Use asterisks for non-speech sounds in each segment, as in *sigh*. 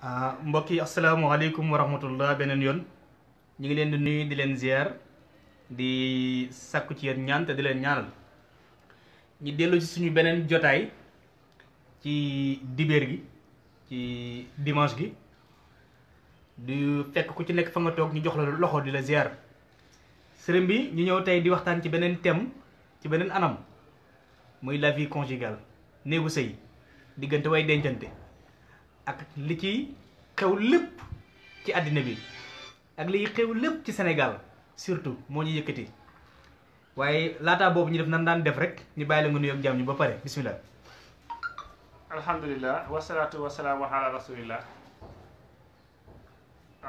Ah, mbokk yi asalaamaaleykum wa rahmatullah beneen yoon ñu ngi leen di nuyu di leen ziar di sàkku ci yéen ñaan te di leen ñaanal ñu dellu suñu beneen jotaay ci dibeer gi ci dimanche gi du fekk ku ci nekk fa nga toog ñu jox la loxo di la ger sëriñ bi ñu ñëw tey di waxtaan ci beneen thème ci beneen anam muy la vie conjugale néegu sëy diggante way dencante. ak li ci xew lépp ci àddina bi ak liy xew lépp ci senegal surtout moo ñu yëkkati waaye laataa boobu ñu def nan daan def rek ñu bàyyi la nga nuyoog jàmm ñu ba pare bismillah alhamdulilah wasalaatu wasalaamu ala rasulillah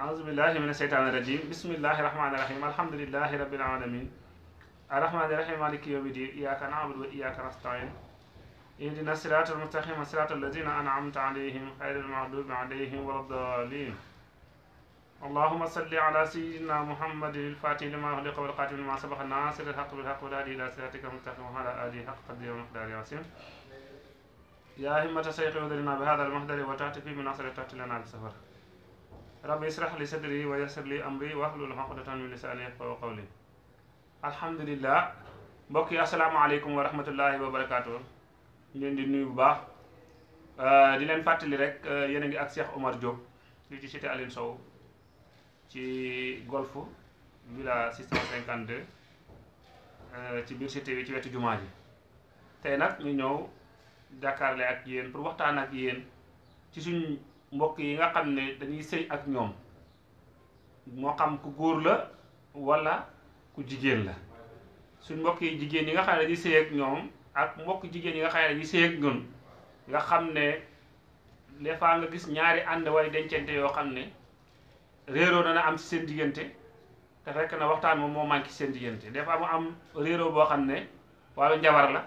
aousubillahi min asheytaani rajim bismillahi rahmaani rahim alhamdulilahi rabbil alamin wa iyyaka nasta'in ihdina siraatal mustaqima siraatal lazina an'amta alayhim xayril maxdubi alayhim wala daalin allahuma salli ala sayidina muhammadin ilfatih lima uxliqa walxaatimi lima sabaqa naasiril xaq bilxaq walhaadi ila siraatika mustaqim wa ala alihi xaq qadri wa miqdaari asim yaa himmata sayxi udrina bi hada almahdari wa taxti fi min asari taxti lana bi safar rabbi israh li sadri wa yassir li amri wahlul uqdatan min lisaani yafqahu qawli alhamdulillah mbokk yi asalaamaaleykum wa rahmatullahi wa barakatuh ñu leen di nuyu bu baax euh, di leen fàttali rek euh, yéen a ngi ak Cheikh Omar Diop li ci cité Aline Sow ci golf villa 652 euh, ci biir te bi ci wetu jumaa ji tey nag ñu ñëw jàkkaarle ak yéen pour waxtaan ak yéen ci suñ mbokk yi nga xam ne dañuy sëy ak ñoom moo xam ku góor la walla ku jigéen la suñ mbokk yi jigéen yi nga xam ne dañuy sëy ak ñoom ak mbokk jigéen yi nga xam ne ñu seeg nga xam ne des fois nga gis ñaari ànd way dencante yoo xam ne réero na na am ci seen diggante te fekk na waxtaan moom moo manqué seen diggante des fois mu am réeroo boo xam ne wàllu njabar la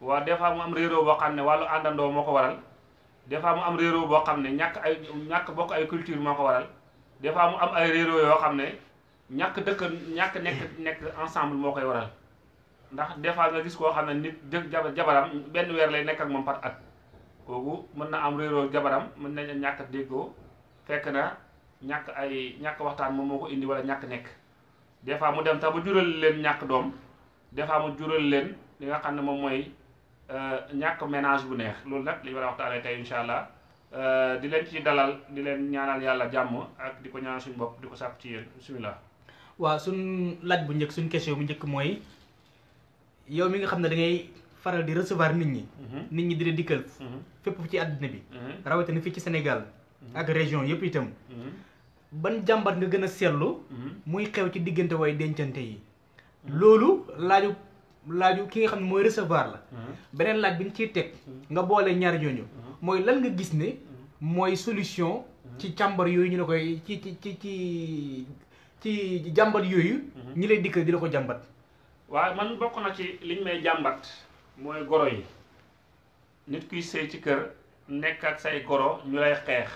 waa des fois mu am réeroo boo xam ne wàllu àndandoo moo ko waral des fois mu am réeroo boo xam ne ñàkk ay ñàkk bokk ay culture moo ko waral des fois mu am ay réeroo yoo xam ne ñàkk dëkk ñàkk nekk nekk ensemble moo koy waral ndax des fois nga gis koo xam ne nit dëkk jabaram benn weer lay nekk moom par at kooku mën na am réeroo jabaram mën nañ ñàkk a déggoo fekk na ñàkk ay ñàkk waxtaan moom moo ko indi wala ñàkk nekk des fois mu dem sax bu jural leen ñàkk doom des fois mu jural leen li nga xam ne moom mooy euh, ñàkk ménage bu neex loolu nag li ñu war a waxtaanee tey incha allah euh, di leen ci dalal di leen ñaanal yàlla jàmm ak di ko ñaanal suñu bopp di ko sàpp ci yéen bisimilah. waaw suñ laaj bu njëkk suñ question bu njëkk mooy. yow mi nga xam ne dangay faral di recevoir nit ñi. Mhm. nit ñi di la dikkal. Mhm. fépp ci àddina bi. Mhm. rawatina fii ci Sénégal. ak région yëpp itam. ban jàmbat nga gën a seetlu. muy xew ci diggante way dencante yi. loolu laaju laaju ki nga xam ne mooy recevoir la. beneen laaj bi ñu ci teg. nga boole ñaar ñooñu. mooy lan nga gis ne. mooy solution. ci càmbar yooyu ñu la koy ci ci ci ci ci jàmbat yooyu. ñi lay dikkal di la ko jàmbat. waaw man bokk na ci liñ may jàmbat mooy goro yi nit kuy sëy ci kër nekk ak say goro ñu lay xeex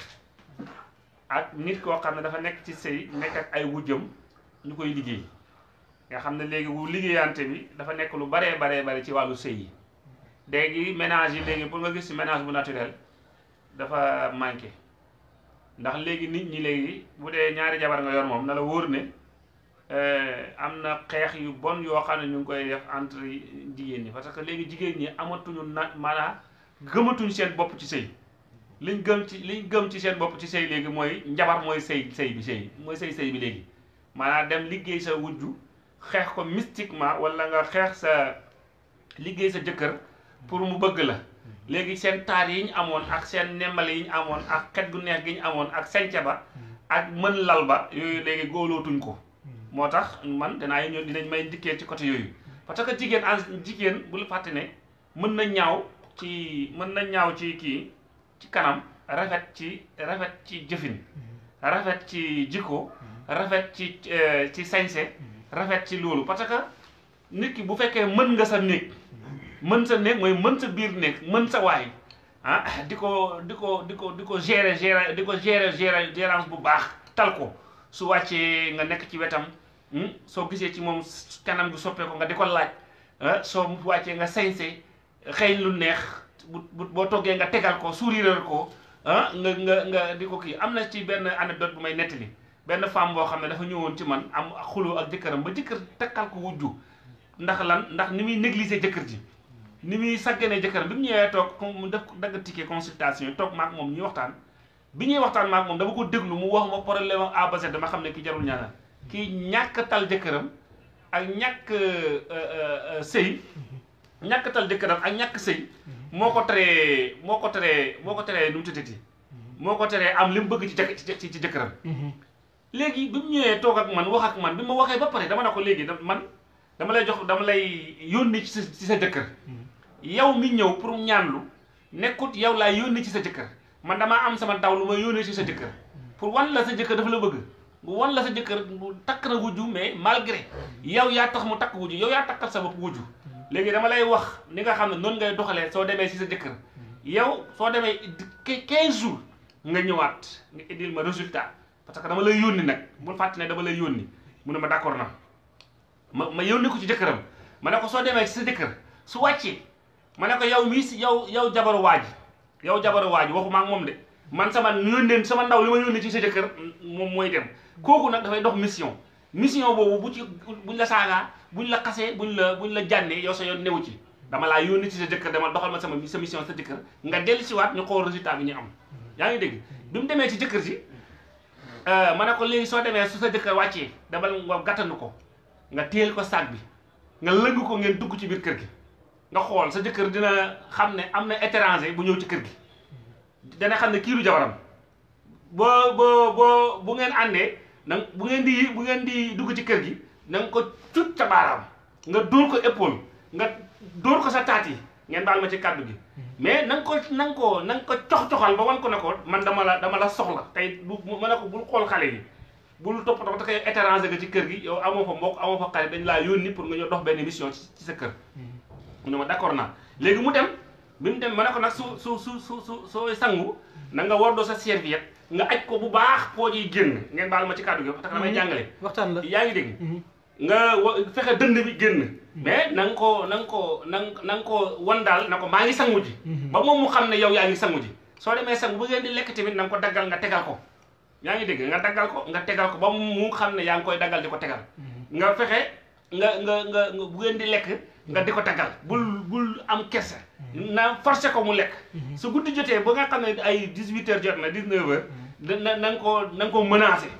ak nit koo xam ne dafa nekk ci sëy nekk ak ay wujjam ñu koy liggéey nga xam ne léegi bu liggéeyante bi dafa nekk lu baree baree bare ci wàllu sëy yi léegi ménage yi léegi pour nga gis ci ménage bu naturel dafa manqué ndax léegi nit ñi léegi bu dee ñaari jabar nga yor moom na la wóor ne Euh, am na xeex yu bon yoo xam ne ñu ngi koy def entre jigéen ñi parce que léegi jigéen ñi amatuñu na maanaa gëmatuñ seen bopp ci sëy liñ gëm ci liñ gëm ci seen bopp ci sëy léegi mooy njabar mooy sëy sëy bi sëy mooy sëy sëy bi léegi maanaam dem liggéey sa wujju xeex ko mystiquement walla nga xeex sa liggéey sa jëkkër pour mu bëgg la léegi seen taal yi amoon ak seen nemmale yi amoon ak xet gu neex gi ñu amoon ak senca ba ak mën lal ba yooyu léegi góolootuñ ko moo tax man danaa ñëw dinañ may dikkee ci côté yooyu parce que jigéen en jigéen bul fàtte mën na ñaaw ci mën na ñaaw ci kii ci kanam rafet ci rafet ci jëfin mm-hmm. rafet ci jikko mm-hmm. rafet ci euh, ci sañse mm-hmm. rafet ci loolu parce que nit ki bu fekkee mën nga sa néeg mën sa néeg mooy mën sa biir néeg mën sa waay ah di ko di ko di ko di ko gérer gérer di ko gérer gérer gérance bu baax tal ko su wàccee nga nekk ci wetam Hmm? soo gisee ci moom kanam gi soppee ko nga di ko laaj ah, soo mu wàccee nga sañse xëy lu neex bu boo toggee nga tegal ko suuri souriral ko ah, nga nga nga di ko kii am na ci benn anecdote bu may nettali benn femme boo xam ne dafa ñëwoon ci man am xuloo ak jëkkëram ba jëkkër takkal ko wujju ndax lan ndax ni muy négliger jëkkër ji ni muy sagganee jëkkëram bi mu ñëwee toog mu def dagg ticket consultation toog maak moom ñuy waxtaan bi ñuy waxtaan maak moom dama ko déglu mu wax ma problème A ba Z dama xam ne ki jarul ñaanal kii ñàkk tal jëkkëram ak ñàkk euh, euh, euh, sëy ñàkk tal jëkkëram ak ñàkk sëy moo ko teree moo ko teree moo ko teree nu mu tëddati moo ko teree am li mu bëgg ci jëkk ci jëkkëram léegi bi mu ñëwee toog ak man wax ak man bi ma waxee ba pare dama ne ko léegi man dama lay jox dama lay yónni ci sa ci sa jëkkër yow mi ñëw pour ñaanlu nekkut yow laay yónni ci sa jëkkër man damaa am sama ndaw lu ma yónnee ci sa jëkkër pour wan la sa jëkkër dafa la bëgg mu wan la sa jëkkër mu takk na wujju mais malgré yow yaa tax mu takk wujju yow yaa takkal sa bopp wujju léegi dama lay wax ni nga xam ne noonu ngay doxalee soo demee si sa jëkkër yow soo demee quinze jours nga ñëwaat nga indil ma résultat parce que dama lay yónni nag bul fàtte ne dama lay yónni mu ne ma d'accord na ma ma yónni ko si jëkkëram ma ne ko soo demee si sa jëkkër su wàccee ma ne ko yow mii si yow yow jabaru waaj yow jabaru waaj waxu ma moom de man sama yónneen sama ndaw li ma yónnee ci sa jëkkër moom mooy dem kooku nag dafay dox mission mission boobu bu ci buñ la saagaa buñ la xasee buñ la buñ la jànnee yow sa yoon new ci dama laa yónni ci sa jëkkër dama doxal ma sama sa mission sa jëkkër nga dellu si waat ñu xool résultat bi ñu am yaa ngi dégg bi mu demee ci jëkkër ji euh, ma ne ko léegi soo demee su sa jëkkër wàccee demal nga gàttanu ko nga téel ko saag bi nga lëgg ko ngeen dugg ci biir kër gi nga xool sa jëkkër dina xam ne am na étranger bu ñëw ci kër gi dana xam ne kii du jabaram boo boo boo bu ngeen àndee na bu ngeen di bu ngeen di dugg ci kër gi na nga ko cut sa baaraam nga dóor ko épaule nga dóor ko sa taat yi ngeen baal ma ci kàddu gi mais na ko na ko na nga ko cox-coxal ba wan ko ne ko man dama la dama la soxla tey bu ma ne ko bul xool xale yi bul topp tax a étranger nga ci kër gi yow amoo fa mbokk amoo fa xale dañ laa yónni pour nga ñëw dox benn mission ci sa kër. Hmm. mu ne ma d'accord léegi mu dem. bi mu dem ma ne ko nag su su su su su sooy sangu na nga war doo sa serviette nga aj ko bu baax poo jiy génn ngeen baal ma ci kàddu gi parce que damay mhm. jàngale waxtaan la yaa ngi dégg mhm. nga fexe dënd bi génn mhm. mais na nga na nga ko na nga ko wan daal na ko maa ngi sangu ji ba moom mu xam ne yow yaa ngi sangu ji soo demee sangu bu ngeen lekk tamit na nga ko nga tegal yaa ngi dégg nga daggal ko nga tegal ko ba mu xam ne yaa ngi koy daggal di ko tegal nga fexe nga nga nga bu ngeen di lekk nga di ko tegal bul am kese. Mm-hmm. naa forcé ko mu lekk. Mm-hmm. su guddi jotee ba nga xam ne ay dix huit heures jot na dix neuf heures. Mm-hmm. na na nga koo na nga ko menacé.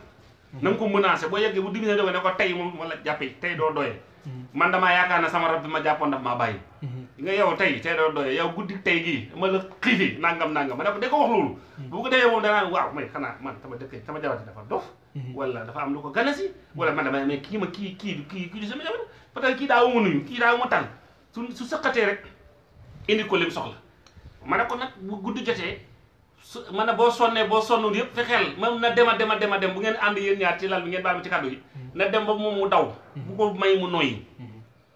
na nga ko menacé boo yeggee bu digg na doon ne ko tey moom wala jàppee tey doo doyee. yaakaar ne sama rab bi ma jàppoon daf ma bàyyi. nga yow tey tey doo doyee yow guddi tey gii ma la xiifi nangam nangam ma ne ko de ko wax loolu. bu ko defee moom danaan waaw may xanaa ma sama dëkk sama jabar am lu ko gane si. wala man dama kii ma kii kii kii kii du sama jabar parce kii daa wuma nuyu kii daa wuma tànn su su sëqatee rek indi ko lim soxla ma ne ko nag bu guddi jotee su ma ne boo sonnee boo sonnul yëpp fexeel man na dema dema dema dem bu ngeen ànd yéen ñaar ci lal bi ngeen baal ma ci kàddu yi na dem ba moom mu daw bu ko may mu noyyi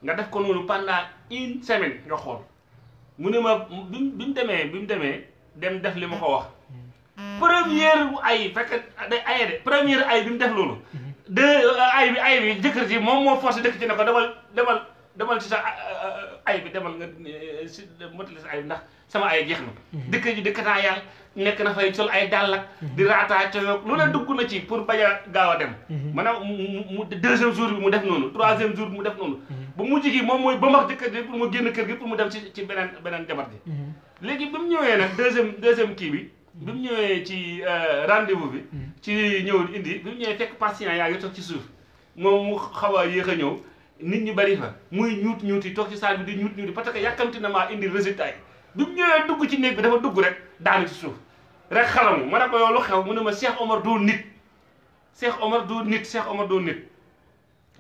nga def ko noonu pendant une semaine nga xool mu ne ma bi mu demee bi mu demee dem def li ma ko wax bu ay fekk day aye de première ay bi mu def loolu mm-hmm. deux ay bi ay bi jëkkër ji moom moo forcé dëkk ci ne ko demal demal ci sa ah, ah, ah, ay bi demal nga eh, si motali sa ay bi ndax sama ay jeex na mhm. dëkk ji dëkkataa yàlla nekk na fay sol ay dàllak mhm. di raataa coyoog lu dugg na ci pour bañ a gaaw a dem mhm. maanaam mu deuxième jour bi mu def noonu troisième jour bi mu def noonu ba mu mujj gi moom mooy ba max jëkkër ji pour mu génn kër gi pour mu dem ci ci beneen beneen jabar ji léegi bi mu ñëwee nag deuxième deuxième kii bi bi mu ñëwee ci euh, rendez-vous bi ci ñëw indi bi mu ñëwee fekk patient yaa ngi toog ci suuf moom mu xaw a yéex a ñëw nit ñi bari fa muy ñuut ñuuti toog ci saal bi di ñuut ñuuti parce que yàkkamti na maa indi résultat yi bi mu ñëwee dugg ci néeg bi dafa dugg rek daanu ci suuf rek xalamu ma ne ko yow lu xew mu ne ma Cheikh Omar doo nit Cheikh Omar doo nit Cheikh Omar doo nit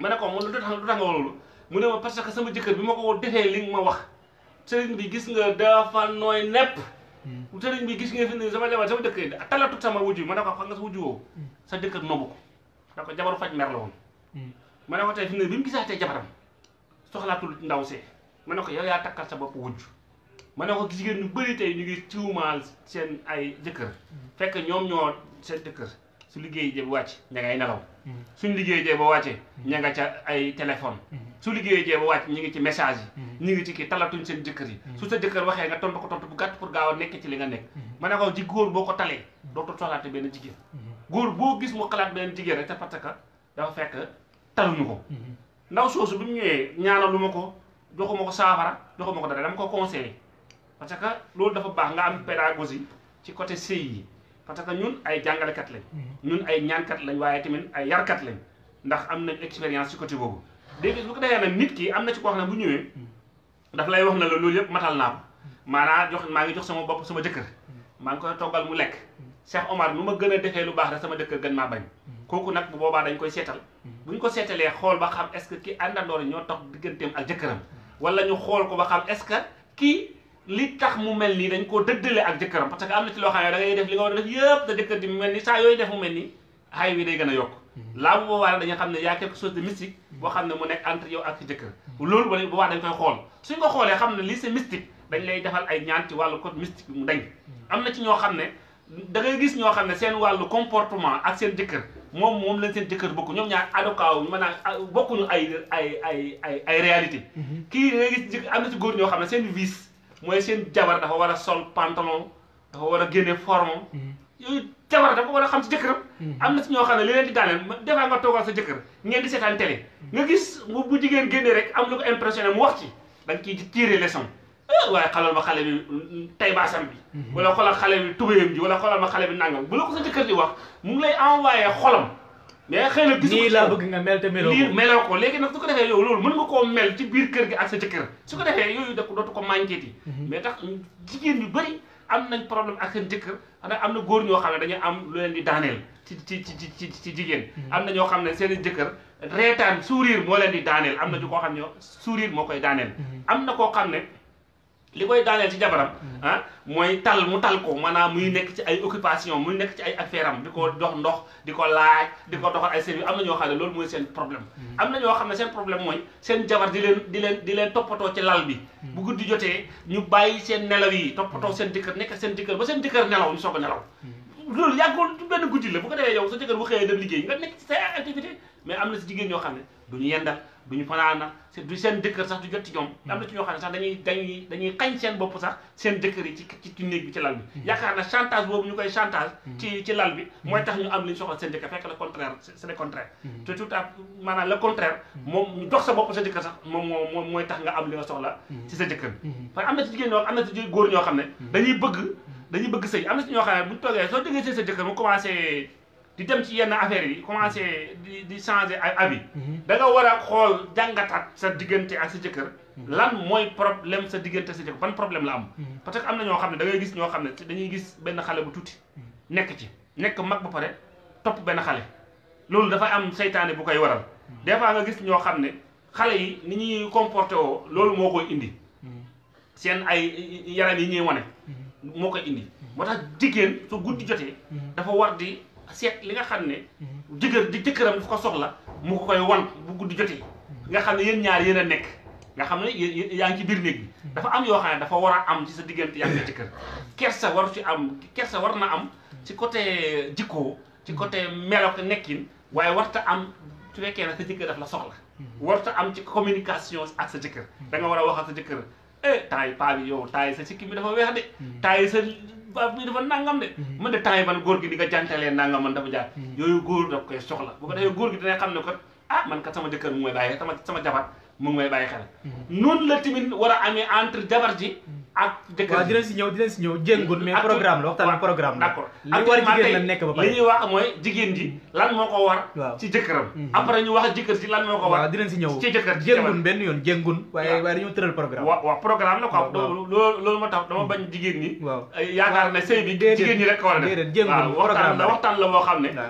ne ko moom lu tax nga loolu mu ne ma parce que sama jëkkër bi moo ko woo defee li ma wax sëriñ bi gis nga dafa nooy nepp hmm. sëriñ bi gis nga fi sama jabar sama jëkkër talatut sama wujju ma ne ko xam nga sa wujju woowu hmm. sa jëkkër nobu ko da ko faj mer la woon hmm. ma ne ko tey fi mu ne bi mu gisaatee jabaram soxlaatul ndaw see ma ne ko yow yaa takkal sa bopp wujj ma ne ko jigéen ñu bëri tey ñu ngi ciwmaal seen ay jëkkër fekk ñoom ñoo seen jëkkër su liggéey jee ba wàcc ña ngay nelaw suñ liggéey jee ba wàccee ña nga ca ay téléphone su liggéey jee ba wàcc ñu ngi ci message yi ñu ngi ci kii talatuñ seen jëkkër yi su sa jëkkër waxee nga tontu ko tontu bu gàtt pour gaaw a nekk ci li nga nekk ma ne ko ji góor boo ko talee dootul soxlaate benn jigéen góor boo gis mu xalaat benn jigéen rek te parce que dafa fekk taluñu ko mhm. ndaw soosu bi mu ñëwee ñaana lu ma ko joxuma ko saafara joxuma ko dara dama ko conseillé parce que loolu dafa baax nga am pédagogie ci côté sëy yi parce que ñun ay jàngalekat lañ mhm. ñun ay ñaankat lañ waaye tamit ay yarkat lañ ndax am nañ expérience ci côté boobu léegi bu ko defee nag nit ki am na ci ko xam ne bu ñëwee mhm. daf lay wax na la loolu yëpp matal naa ko maanaa jox maa ngi jox sama bopp sama jëkkër maa ngi koy toggal mu lekk Cheikh Omar nu ma gën defee lu baax rek sama jëkkër gën maa bañ kooku nag bu boobaa dañ koy seetal hmm. bu ñu ko seetalee xool ba xam est-ce que ki àndandoona ñoo tax digganteem ak jëkkëram hmm. wala ñu xool ko ba xam est-ce que kii li tax mu mel nii dañ koo dëddale ak jëkkëram parce que am na ci loo xam ne da ngay li nga a def yëpp te jëkkër ji mu mel nii saa a yokk hmm. laa bu boobaa dañu ne y a quelque chose de ne mu nekk entre yow ak jëkkër loolu bu boobaa dañ koy xool lii c'est mystique dañ lay defal ay ñaan ci wàllu code mystique mu dañ am na ci ñoo xam ne da ngay gis ñoo xam ne seen wàllu comportement ak seen jëkkër moom moom lañ seen jëkkër bokk ñoom ñaar avocat wu maanaam bokkuñu ay ay ay ay ay réalité mhm. kii danga gis am na ci góor ñoo xam ne seen vice mooy seen jabar dafa war a sol pantalon dafa war a génne forme mhm. yooyu jabar dafa war a xam si jëkkër mhm. am na si ñoo xam ne li leen di daaneel defaa nga toogal sa jëkkër ngeen di seetaan télé nga gis bu jigéen génne rek am lu ko mu wax ci da nga ciy tiire leçon *laughs* waaye xalal ma xale bi mm, tay baasam bi mhm. wala xoolal xale bi tubéyam ji wala xoolal ma xale bi nangam bu la ko sa jëkkër di wax mu ngi lay envoyé xëy na gis nii laa bëgg nga mel te meloo ko meloo ko léegi nag su ko defee yow loolu mën nga koo mel ci biir gi ak sa jëkkër su ko defee yooyu def dootu ko mànkeeti mhm. mais tax jigéen ñu bëri am nañ problème ak seen jëkkër xanaa am na góor ñoo xam ne dañu am lu di daaneel ci ci ci ci ci jigéen mhm. am na ñoo xam ne seen jëkkër reetaan sourire moo leen di daaneel am na ñu xam ne sourire moo koy daaneel am na koo xam ne li koy daaneel ci jabaram ah mooy tal mu tal ko maanaam muy nekk ci ay occupation muy nekk ci ay affaire am di ko dox ndox di ko laaj di ko doxal ay service am na ñoo xam ne loolu mooy seen problème mm-hmm. am na ñoo xam ne seen problème mooy seen jabar di leen di leen di leen toppatoo ci lal bi mm-hmm. bu guddi jotee ñu bàyyi seen nelaw yi toppatoo seen jëkkër nekk seen jëkkër ba seen jëkkër nelaw ñu soog nelaw mm-hmm. loolu yàggul benn guddi la bu ko defee yow sa jëkkër bu xëyee dem liggéey nga nekk ci say na si jigéen ñoo xam ne koy chantage hmm. ci ci lal bi hmm. mooy tax ñu am li ñu soxla seen hmm. sa bopp sa jëkkër moo mooy tax nga am li nga soxla ci sa jëkkër parce que na ci jigéen ñoo xam ne dañuy bëgg dañuy bëgg sëy am na si ñoo xam ne bu ñu toogee soo jógee sëy sa jëkkër mu commencé di dem ci yenn affaire yi commencé di di changé ay habit mhm. da nga war a xool jàngataat sa diggante ak sa jëkkër mhm. lan mooy problème sa diggante sa jëkkër ban problème la am mhm. parce que am na ñoo xam ne dangay gis ñoo xam ne dañuy gis benn xale bu tuuti nekk ci nekk mag ba pare topp benn xale loolu dafa am seytaane bu koy waral des fois nga gis ñoo xam ne xale yi ni ñuy comporté woo loolu moo koy indi seen ay yaram yi ñuy wane moo koy indi moo tax jigéen su guddi jotee mm-hmm. dafa war di seet li nga xam ne mm-hmm. jëkkër di jëkkëram fu ko soxla mu ko koy wan bu guddi jotee mm-hmm. nga xam ne yéen ñaar yéen a nekk nga xam ne yaa ngi ci biir néeg bi dafa am yoo xam ne dafa war a am ci sa diggante yaa ngi jëkkër kersa waru ci am kersa war na am ci côté jikko ci côté melok nekkin waaye warta am su fekkee ne sa jëkkër daf la soxla warta am ci communication ak sa jëkkër danga war a wax ak sa jëkkër eh temps yi yow temps sa sikki bi dafa weex de. Hmm. temps yi sa baab bi dafa nangam de. man hmm. de temps yi man góor gi di nga jantalee nangam man dafa jaar. Hmm. yooyu góor daf koy soxla bu ko defee góor gi dina xam ne kat ah man kat sama jëkkër mu ngi may bàyyi sama sama jabar mu ngi may bàyyi xel. noonu la tamit war a amee entre jabar ji. ak dëkk waaw dinañ si ñëw dinañ si ñëw jéngun mais programme la waxtaan programme la d'accord li war jigéen la nekk ba pare li ñuy wax mooy jigéen si mhm. lan moo ko war waaw dinañ si ñëw ci jëkkër jéngun benn yoon jéngun waaye waaye dañoo tëral programme waaw waaw programme la mm. ne sëy bi a def jéngun waxtaan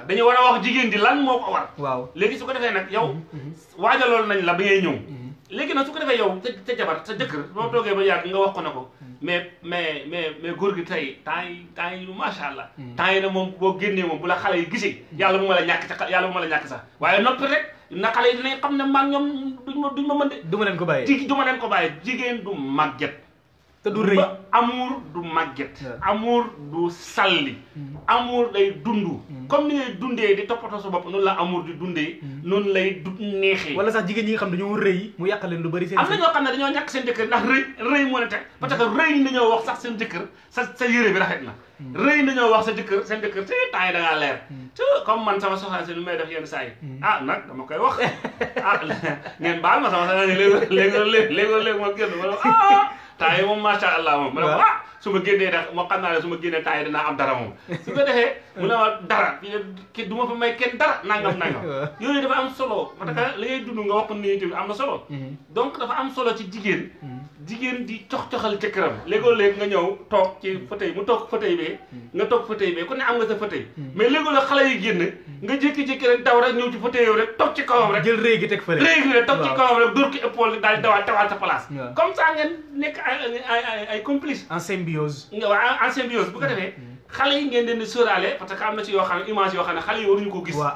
dañu war a wax jigéen ji lan moo ko war waaw léegi su ko defee nag yow mm-hmm. mm-hmm. loolu nañ la ba ngay ñëw mm-hmm. léegi nag su ko defee yow sa jabar sa jëkkër boo toogee ba yàgg nga wax ko ne ko mais mais mais mais góor gi tey temps yi temps yi macha allah hmm. temps yi nag moom boo génnee moom bu la xale yi gisee hmm. yàlla bu ma la ñàkk sax yàlla bu ma la ñàkk sax waaye noppi rek na xale yi dinañ xam ne maag ñoom duñ ma duñ ma mën de du ma leen ko bàyyi du ma leen ko bàyyi jigéen du màgget te du rëy amour du màgget amour du sal sàlli mm-hmm. amour day dund mm-hmm. comme ni ngay dundee di toppatoo su bopp noonu la amour di dundee mm-hmm. noonu lay du neexee wala sax jigéen ñi xam xam dañoo rëy mu yàq leen lu bari seen am na xam ne dañoo ñàkk seen jëkkër ndax rëy rëy moo ne teg parce que rëy nañoo wax sax seen sa sa yére bi rafet na rëy nañoo wax sa jëkkër seen jëkkër te temps yi da ngaa leer te comme man sama soxna si lu may def yenn saa yi ah nag dama koy wax *laughs* ah ngeen baal ma sama soxna si léegi léegi léegi léegi ma génn temps yi moom macha allah moom. waaw mu ne ko ah. su ma génnee da ma xam naa ne su ma génnee temps yi dinaa am dara moom su ko defee mu ne ma dara ki ma fa may kenn dara nangam nangam *laughs* yooyu dafa am solo parce que li ngay dund nga wax ni tamit am na solo mm-hmm. donc dafa am solo ci jigéen mm-hmm. jigéen di cox-coxal jëkkëram léegoo-léeg nga ñëw toog ci mm-hmm. fauteuil mu toog fauteuil bee nga toog fauteuil bee ku ne am nga sa fauteuil mais léegoo la xale yi génn nga jékki-jékki rek daw rek ñëw ci fauteuil yow rek toog ci kawam rek jël réegi teg fële réegi rek ki épaule daal dawaat tawaat sa place comme ça ngeen nekk ay symbiose en ah, ah, symbiose bu ko defee mm-hmm. xale yi ngeen leen di sóoraale parce que am na ne image yoo xam ne xale yi waruñu ko gis waaw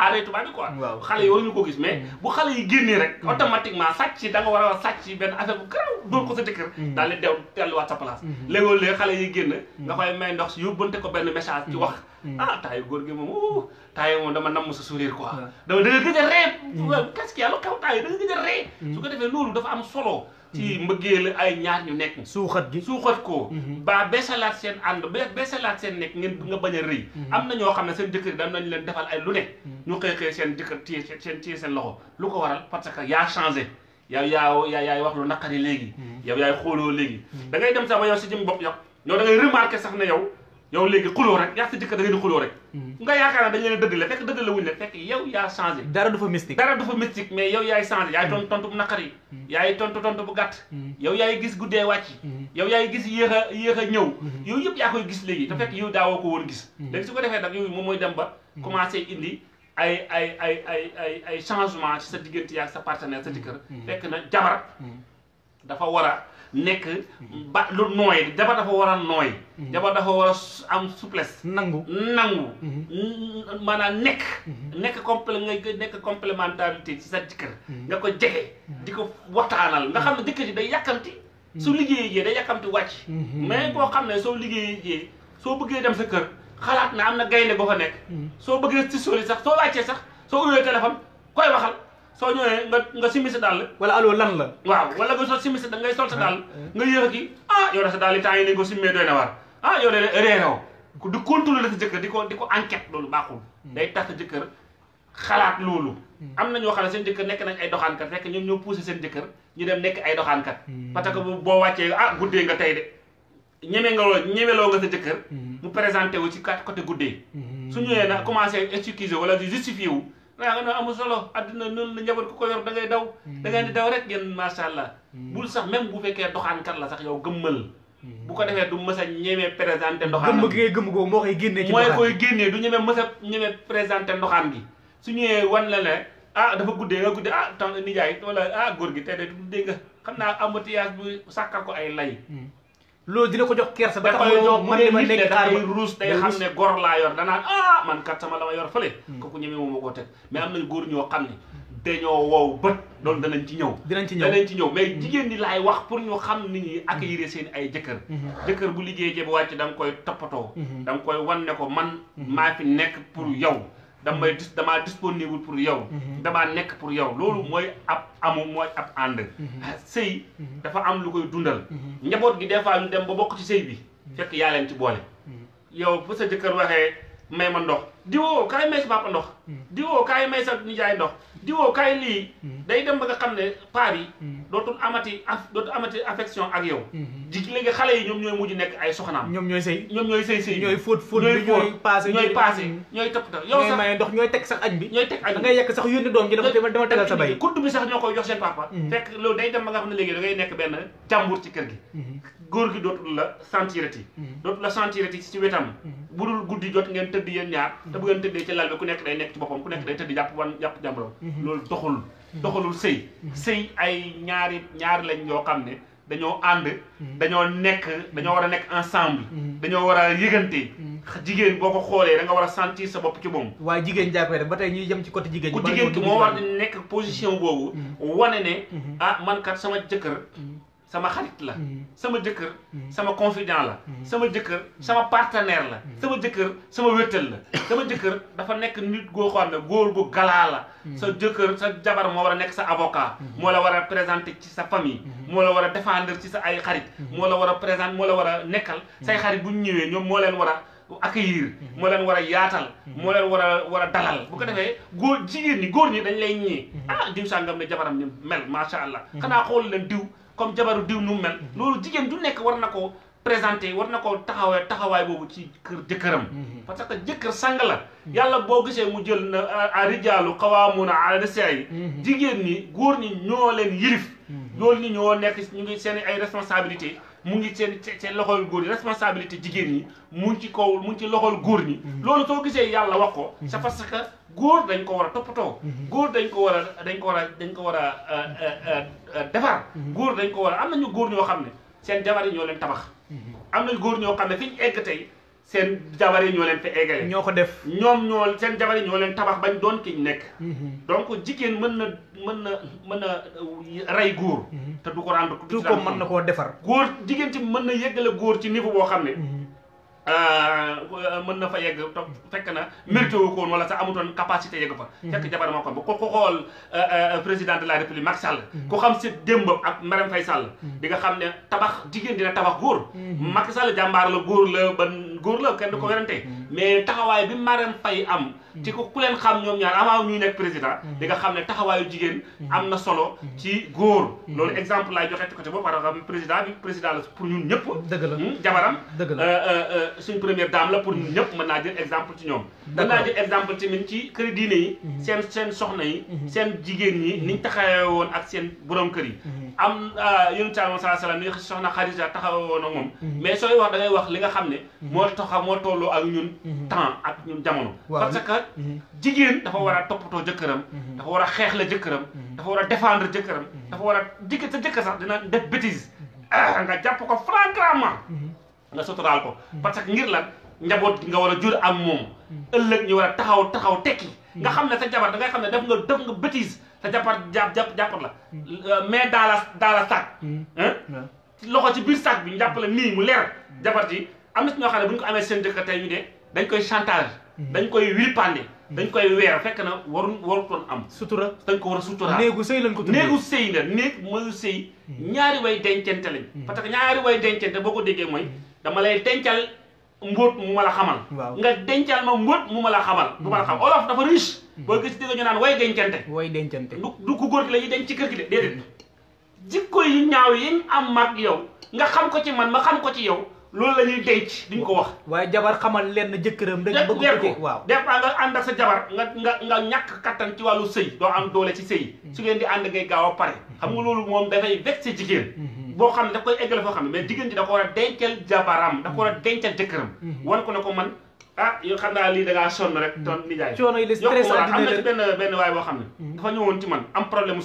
aada ko gis mais mm-hmm. bu xale yi génnee rek mm-hmm. automatiquement sàcc da nga war a sàcc benn affaire bu garaaw dóor ko sa jëkkër daal di dew delluwaat sa place léegoo léegi yi génn nga koy may ndox si yóbbante ko benn message ci wax ah taayu góor gi moom taayu moom da nga gëj a ree qu'est-ce que yàlla a ree su ko loolu dafa am solo ci mbëggeel ay ñaar ñu nekk. suuxat gi suuxat ko. Mhm. ba beesalaat seen ànd ba beesalaat seen nekk ngeen nga bañ a rëy. Mhm. am na ñoo xam ne seen jëkkër daan nañ leen defal ay lu ne. Mhm. ñu xëy xëy seen jëkkër téye seen téye seen loxo lu ko waral parce que yaa changé. yow yaa yaay wax lu naqari léegi. yow yaay xooloo léegi. da ngay dem sax ba yow si jëm bopp yow. yow da ngay remarqué sax ne yow. yow léegi xuloo rek yaa sa jëkkër da ngeen di xuloo rek hmm. nga yaakaar ne dañ leen dëddale fekk dëddale wuñ ne fekk yow yaa changé dara du fa mystique dara du fa mystique mais yow yaay changé yaay hmm. tontu tontu bu naqar yi hmm. yaay tontu tontu bu gàtt yow yaay gis guddee wàcc yow yaay gis yéex a yéex a ñëw yow yëpp yaa koy gis léegi te fekk yow daawoo ko woon gis léegi su ko defee nag yow moom mooy dem ba commencé indi ay ay ay ay ay ay changement ci sa diggante yaa sa partenaire sa jëkkër fekk na jabar dafa war a nekk ba lu nooy jabar dafa war a nooy mhm. jabar dafa war a am souplesse nangu nangu mhm. mm, maanaam nekk mhm. nekk complé nga nekk complémentarité ci sa jëkkër nga ko jege di ko waxtaanal nga xam ne jëkkër ji day yàkkamti su liggéeyee jee day yàkkamti wàcc mais koo xam ne soo liggéeyee jee soo bëggee dem sa kër xalaat na am na gaynde boo fa nekk soo bëggee si soli sax soo wàccee sax soo uyoo téléphone koy waxal soo ñëwee nga nga simi sa dàll wala aloo lan la waaw wala nga soo simi sa ngay sol sa dàll ah, ah. nga yéex a kii ah yow de sa dàll yi temps yi ni ko simmee doy na waar ah yow de réeroo di contrôler sa jëkkër di ko di ko enquête loolu baaxul hmm. day tax sa jëkkër xalaat loolu hmm. am na ñoo xam ne seen jëkkër nekk nañ ay doxaankat fekk ñoom ñoo poussé seen jëkkër ñu dem nekk ay doxaankat hmm. parce que boo wàccee ah guddee nga tey de ñeme nga loo ñemeloo nga sa jëkkër mu présenté wu ci côté guddee su ñëwee nag commencé excuser wala di wu waaw non amul solo àddina noonu la njaboot ku ko yor da ngay daw. da ngay daw rek ngeen macha allah. Hmm. bul sax même bu fekkee doxaankat la sax yow gëmmal. Hmm. bu ko defee du mës a ñemee présenté ndoxaan. gëmm gi ngay gëmm ko moo koy génnee. koy génnee du ñemee mës a ñemee présenté ndoxaan gi su ñëwee wan la ne ah dafa guddee nga guddee ah temps nijaay wala ah góor gi tey de guddee nga xam naa embouteillage bu sàkkal ko ay lay. Hmm. loolu dina ko jox kersa ba tax mu ñoo man li ma nekk xaar ma ruus day xam ne gor laa yor danaan ah man kat sama la ma yor fële hmm. kooku ñeme moom moo koo teg mais am nañ góor ñoo xam ne dañoo wow bët loolu danañ ci ñëw dinañ ci ñëw danañ ci ñëw mais hmm. jigéen ñi laay wax pour ñu xam ni ñuy hmm. accueillir seen ay jëkkër jëkkër bu liggéey jee ba wàcc da nga koy toppatoo danga koy wan ne ko man maa fi nekk pour yow damay mm-hmm. dis damaa disponible pour yow. Mm-hmm. damaa nekk pour yow loolu mm-hmm. mooy ab amu mooy ab ànd. Ah, sey dafa am lu koy dundal. njaboot gi dee fois ñu dem ba bokk ci sëy bi. fekk yaa leen ci boole. yow bu sa jëkkër waxee may ma ndox diwoo kaay may sa ma ndox. diwoo kaay may sa nijaay ndox. diwoo kaay lii. Hmm. day dem ba nga xam ne paar yi. Hmm. dootul amati af dootul amati affection ak yow. jig hmm. léegi xale yi ñoom ñooy mujj nekk ay soxnaam. ñoom ñooy sëy ñoom ñooy sëy sëy ñooy fóot fóot bi ñooy paase ñooy paase ñooy topp topp yow sax ñooy maye ndox ñooy teg sax añ bi. ñooy teg añ bi da ngay yekk sax yónni doom ji dama dama tegal sa bay kudd bi sax ñoo koy jox seen papa. fekk loolu day dem ba nga xam ne léegi da ngay nekk benn jàmbur ci kër gi. góor gi dootul la sentirati mm-hmm. dootul la sentirati ci wetam mm-hmm. bu dul guddi jot ngeen tëdd yéen ñaar te bu mm-hmm. ngeen tëddee ci lal bi ku nekk day nekk ci boppam ku nekk day tëdd jàpp wan loolu doxul doxalul sëy sëy ay ñaari ñaari lañ yoo xam ne dañoo ànd dañoo nekk dañoo war a nekk ensemble dañoo war a yëgante jigéen boo ko xoolee da nga war a sentir sa bopp ci moom waaye jigéen jàppee rek ba tey ñuy jëm ci côté jigéen ku jigéen ki moo war a nekk position boobu wane ne ah man kat sama jëkkër sama xarit la mm. sama jëkkër mm. sama confident la mm. sama jëkkër sama partenaire la sama jëkkër sama wéttal la sama jëkkër dafa nekk nit goo ko xam ne góor bu galaa la sa jëkkër sa jabar moo war a nekk sa avocat mm-hmm. moo la war a présenter ci sa famille mm-hmm. moo la war a défendre ci sa ay xarit mm-hmm. moo la war a présenter moo la war a nekkal say xarit bu ñu ñëwee ñoom moo leen war a accueillir moo leen war a yaatal moo leen war a war a dalal bu ko defee góor jigéen ñi góor ñi dañ lay ñii ah diw sàngam ne jabaram ñu mel macha allah xanaa xool leen diw comme jabaru diw nu mel mhm. loolu jigéen du nekk war na ko présenté war na ko taxawaay taxawaay boobu ci kër jëkkëram mhm. parce que jëkkër sang la mhm. yàlla boo gisee mu jël a na euh, rijaalu qawaamuuna ala nisaa yi jigéen ñi góor ñi ñoo leen yilif loolu ñi ñoo nekk ñu ngi seen ay responsabilité mu ngi seen seen loxol góor ñi responsabilité jigéen ñi mu ci kaw mu ngi ci loxol góor ñi loolu soo gisee yàlla wax ko góor dañ ko war a toppatoo. Mhm. góor dañ ko war a dañ ko war a dañ ko war a euh, euh, euh, defar. Mhm. góor dañ ko war a am nañu góor ñoo xam ne seen jabar yi ñoo leen tabax. Mhm. am nañu góor ñoo xam ne fi ñu egg tey seen jabar yi ñoo leen fi eggale. ñoo ko def ñoom ñoo seen jabar ñoo leen tabax bañ doon ki ñu nekk. donc jigéen mën na mën na mën na rey góor. te du ko rendre. du ko mën na koo defar. góor jigéen ci mën na yëggale góor ci niveau boo xam ne. Euh, mën na fa yegg te fekk na mérité wu ko woon wala sax amutoon capacité yegg fa mhm. fekk jabar moo ko ba ko ko xool euh, euh, président de la république Macky Sall mhm. ku xam si démb ak Marème Faye Sall mhm. di nga xam ne tabax jigéen dina tabax góor Macky Sall jàmbaar la góor la góor la kenn du ko werante mm-hmm. Mm-hmm. mais taxawaay bi Marème Faye am ci ko ku leen xam ñoom ñaar avant ñuy nekk président mm-hmm. di xam ne taxawaayu jigéen am na solo ci góor loolu exemple laay joxe ci côté boobu par exemple président bi président la ñëpp dëgg la hmm, jabaram dëgg la euh, euh, euh, suñ première dame la pour ñun ñëpp mën naa jël exemple ci ñoom mën naa jël exemple tamit ci kër diine yi seen soxna yi seen jigéen ñi niñ taxawee woon ak seen borom kër yi am yonent bi sallallahu alayhi wa sallam ni soxna Xadija taxawee woon ak moom mais sooy wax mooy taxa moo tolloo ak ñun mhm. temps ak ñun jamono parce que mhm. jigéen dafa mhm. war a toppatoo jëkkëram dafa war a xeex la jëkkëram dafa war a défendre jëkkëram dafa war a jëkkër sa jëkkër sax dina def bêtise ah, nga jàpp ko flagramment nga sotoraal ko parce que ngir la njaboot nga war a jur am moom ëllëg ñu war a taxaw taxaw tekki nga xam ne sa jabar da ngay xam ne def nga def nga bêtise sa jàppar jàpp jàpp jàppar la euh, mais daala daala sac loxo ci biir sac bi ñu jàppale nii mu leer jabar ji am na ci ñoo xam ne bu ñu ko amee seen jëkkër tey ñu dee dañ koy chantage mhm. dañ koy wilpande mhm. dañ koy weer fekk na waru warutoon am sutura dañ ko war a sutura néegu sëy lañ ko tuddee néegu sëy la néeg mooy sëy mhm. ñaari way dencante lañ parce que ñaari way dencante boo ko déggee mooy dama lay dencal mbóot mu ma la xamal nga dencal ma mbóot mu ma la xamal du ma la xam olof dafa riche boo gis dégg ñu naan way dencante way dencante du ku góor ki la ñuy denc ci kër gi de déedéet jikko yu ñaaw yi am mag yow nga xam ko ci man ma xam ko ci yow loolu la ñuy denc duñ ko wax. waaye jabar xamal lenn jëkkëram. dañ bëgg ko waaw des fois nga ànd ak sa jabar nga nga nga ñàkk kattan ci wàllu sëy doo am doole ci sëy mm. su ngeen di ànd ngay gaaw a pare. xam nga loolu moom dafay vex sa jigéen. Mm-hmm. boo xam ne daf koy eggale foo xam ne mais jigéen ji da ko war a dencal jabaram. da ko war a mm-hmm. dencal jëkkëram. Mm-hmm. wan ko ne ko man ah yoo xam naa lii da ngaa sonn rek. ton nijaay coono yi am na ci benn benn waay boo xam ne. dafa ñëwoon ci man am problème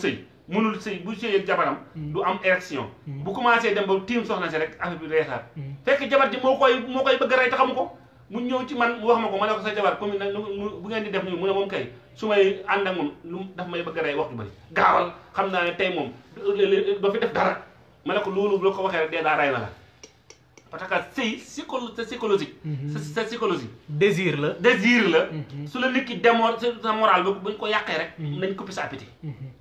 mënul sëy bu sëy ak jabaram mm. du am érection mm. bu commencé dem ba tiim soxna si rek affaire bi reetaat mm. fekk jabar ji moo koy moo koy bëgg a rey te ko mu ñëw ci man wax ma ko ma ne ko sa jabar commune bu ngeen di def nii mu ne moom kay su may ànd ak moom daf may bëgg a wax waxtu bari gaawal xam naa ne tey moom doo fi def dara ma ne ko loolu loo ko waxee rek dee daa rey na la parce que sëy psycholo c'est psychologique. Mm-hmm. c'est désir la désir la. Mm-hmm. su la nit ki demoon sa moral ba bu ko yàqee rek. Mm-hmm. nañ ko sa appétit.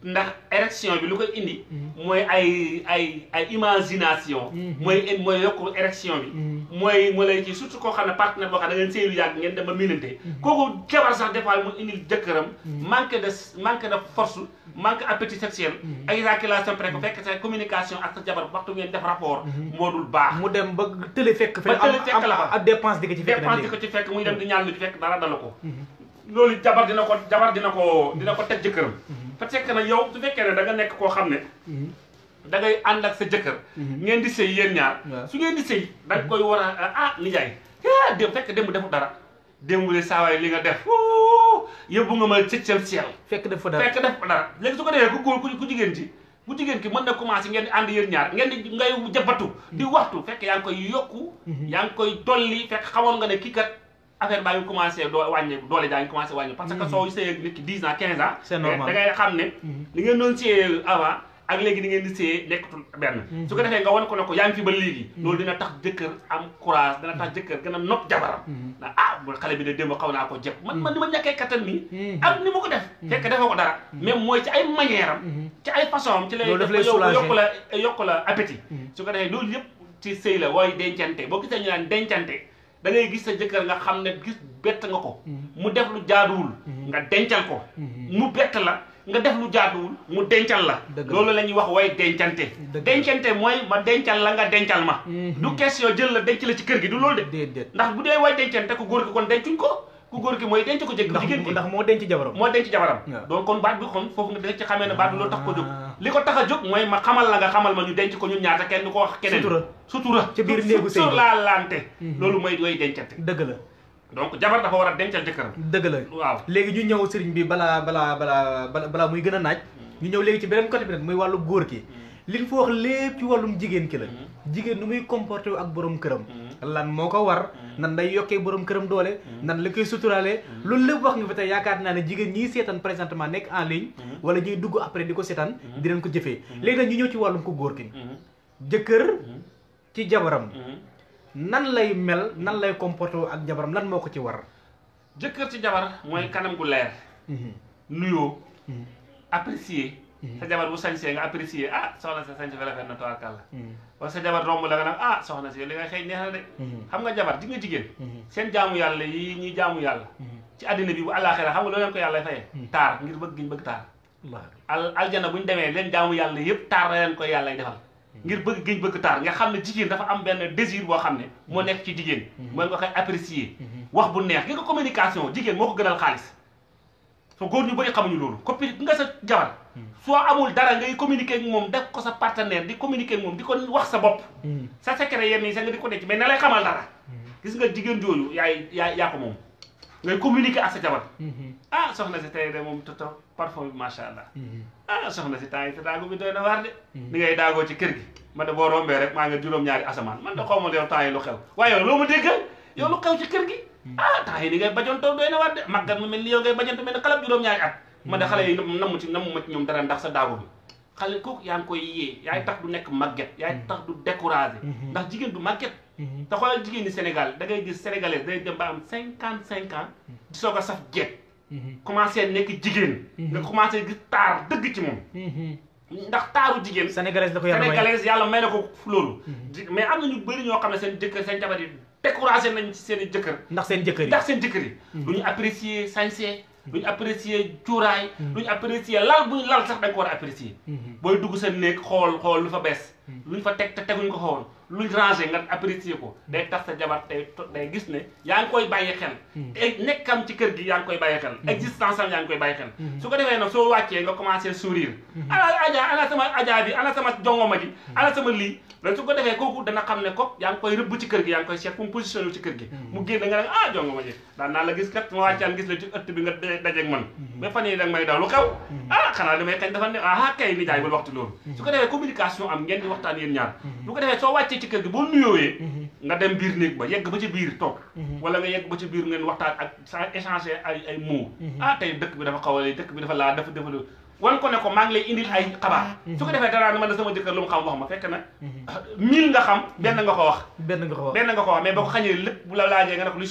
ndax érection bi lu koy indi. mooy ay ay ay imagination. mooy mooy yokk érection bi. mooy moo lay ci surtout koo xam ne partenaire boo xam ne da ngeen sëy ngeen dem ba miinante. kooku jabar sax des fois mu indil jëkkëram. manque de manque de force. manque appétit sexuel. ay éjaculation précoce fekk sa communication ak sa jabar waxtu ngeen def rapport. moo dul baax tële fekk fekk am am dépense di ko ci fekk dépense di ko ci fekk di fekk dara dala ko mhm. loolu jabar dina ko jabar dina ko mhm. dina ko teg jëkkëram fa mhm. na yow su fekkee ne da nekk koo xam ne da ngay ànd ak sa jëkkër ngeen di sëy yéen ñaar su ngeen di sëy da nga koy war a ah nijaay ah dem bu dem defu dara démb li saawaay li nga def yóbbu nga ma cëccal seel fekk def fa dara fekk def fa dara léegi su ko defee ku góor ku jigéen ji bu jigéen ki mën na commencé ngeen di ànd yéen ñaar ngeen di ngay jabatu di hmm. waxtu fekk yaa ngi koy yokku hmm. yaa ngi koy dolli fekk xamoon nga ne kii kat affaire baa ngi commencé doo wàññi doole daa ngi commencé wàññi parce que hmm. soo sëyee ki dix ans quinze ans c'est normal da ngay ngeen doon sëyee avant ak léegi ni ngeen di séyee nekkatul benn mhm. su ko defee nga wan ko ne ko yaa ngi fi ba léegi mhm. loolu dina tax jëkkër am courage dina jëkkër gën a nopp jabaram mhm. na ah bu xale bi de démb xaw naa ko jëpp man man ni ma ñàkkee kattan nii ak ni ma ko def fekk defee ko dara même mooy ci ay manière ci ay façon am ci lay yokku la yokku la appétit su ko defee loolu yëpp ci sëy la waaye dencante boo gisee ñu naan dencante da ngay gis sa jëkkër nga xam ne gis bett nga ko mu def lu jaaduwul nga dencal ko mu bett la nga def lu jaaduwul mu dencal la loolu la ñuy wax way dencante dencante mooy ma dencal la nga dencal ma mhm. du question jël la denc la ci kër gi du loolu de ndax bu dee way dencante ku góor gi kon dencuñ ko ku góor gi mooy denc ko jëg jigéen gi ndax moo denc jabaram moo denc jabaram donc kon baat bi xon foofu nga def ko jóg ah. li ko tax a jóg mooy ma xamal la nga xamal ma ñu denc ko ñun ñaata kenn ko wax keneen sutura sutura ci biir néegu sëy la laalante mhm. loolu mooy way dencante dëgg la donc jabar dafa war a dencal jëkkëram dëgg la waaw léegi ñu ñëw sëriñ bi balaa balaa balaa balaa muy gën a naaj ñu ñëw léegi ci beneen côté bi nag muy wàllu góor ki mm-hmm. liñ fa wax lépp ci wàllum jigéen ki la mm-hmm. jigéen nu muy comporté wu ak borom këram mm-hmm. lan moo ko war nan day yokkee boroom këram doole nan la koy suturaale loolu lépp wax nga fi te yaakaar naa ne jigéen ñiy seetaan présentement nekk en ligne wala ñuy dugg après di ko seetaan dinañ ko jëfee léegi nag ñu ñëw ci wàllum ko góor ki jëkkër ci jabaram nan lay mel nan lay comporté ak jabaram lan moo ko ci war jëkkër ci jabar mooy kanam gu leer mhm. nuyoo mhm. apprécier mhm. sa jabar bu sañsee nga apprécier ah soxna sa sañse fa rafet na tawakkal la wala sa jabar romb la nga nag ah soxna si li nga xëy neex na de xam nga jabar di nga jigéen seen jaamu yàlla yi ñuy jaamu yàlla ci àddina bi bu àllaaxira xam nga loolu leen ko yàlla fayee taar ngir bëgg giñ bëgg taar al bu buñ demee leen jaamu yàlla yëpp taar leen ko yàlla defal ngir bëgg géñ bëgg taar nga xam ne jigéen dafa am benn désir boo xam ne moo mm-hmm. nekk ci jigéen mm-hmm. mooy nga koy apprécier mm-hmm. wax bu neex gi nga communication jigéen moo ko gënal xaalis so góor ñu bëri xamuñu loolu coppi nga sa jabar soo amul dara ngay communiquer moom def ko sa partenaire di communiquer moom di ko wax sa bopp sa secret yenn yi sa nga di ko denc mais ne lay xamal dara gis nga jigéen jooju yaay yaa yaa ko moom ngay communiquer ak sa jabar mhm. ah soxna si tey de moom toto parfum bi macha allah mhm. ah soxna si temps yi sa bi doy na waar de mhm. ni ngay daagoo ci kër gi man de boo rombee rek maa nga juróom-ñaari asamaan man de xaw ma yow temps yi lu xew waaye yow loo ma déggal yow lu xew ci kër gi ah temps yi ni ngay bajontoo doy na waar de màggat mu mel ni yow ngay bajonto mel ni xalab juróom-ñaari at man de xale yi namu ci dara ndax sa daagu bi xale kooku yaa ngi koy yee yaay ndax jigéen du màgget Mhm. te xoolal jigéen ñi Sénégal da ngay gis sénégalais day dem ba am cinquante cinq ans. di soog a saf jeeg. Mhm. commencé nekk jigéen. Mhm. nga commencé gis taar dëgg ci moom. ndax taaru jigéen. sénégalaise la ko yàlla may yàlla may na ko loolu. mais am na ñu bëri ñoo xam ne seen jëkkër seen jabar yi découragé nañ ci seen i jëkkër. ndax seen jëkkër yi ndax seen jëkkër yi. du ñu apprécier sañse. du ñu apprecier cuuraay. du ñu apprécier lal bu lal sax da nga ko war a booy dugg sa néeg xool xool lu fa bees. luñ fa teg te teguñ ko xawoon luñ nga apprécier ko hmm. day tax jabar day gis ne yaa ngi koy bàyyi xel e nekkam ci kër gi yaa ngi koy bàyyi xel hmm. existence am yaa ngi koy bàyyi xel su ko xam ne ci kër gi yaa ngi koy seet ci kër gi mu nga ne ah jongoma ah ah ko communication am ngeen waxtaan yéen ñaar mhm. bu ko defee soo wàccee ci kër gi boo nuyoowee mhm. nga dem biir néeg ba yegg ba ci biir toog mhm. wala nga yegg ba ci biir ngeen waxtaan ak sa échanger ay ay mots ah tey dëkk bi dafa xawale dëkk bi dafa laa dafa dafa wan ko ne ko maa ngi lay indil ay xabaar ah, su ko lu mu xam wax ma fekk na *laughs* mille nga xam benn ko wax benn nga ko wax benn nga ko wax mais boo ko bu la laajee nga ne ko luy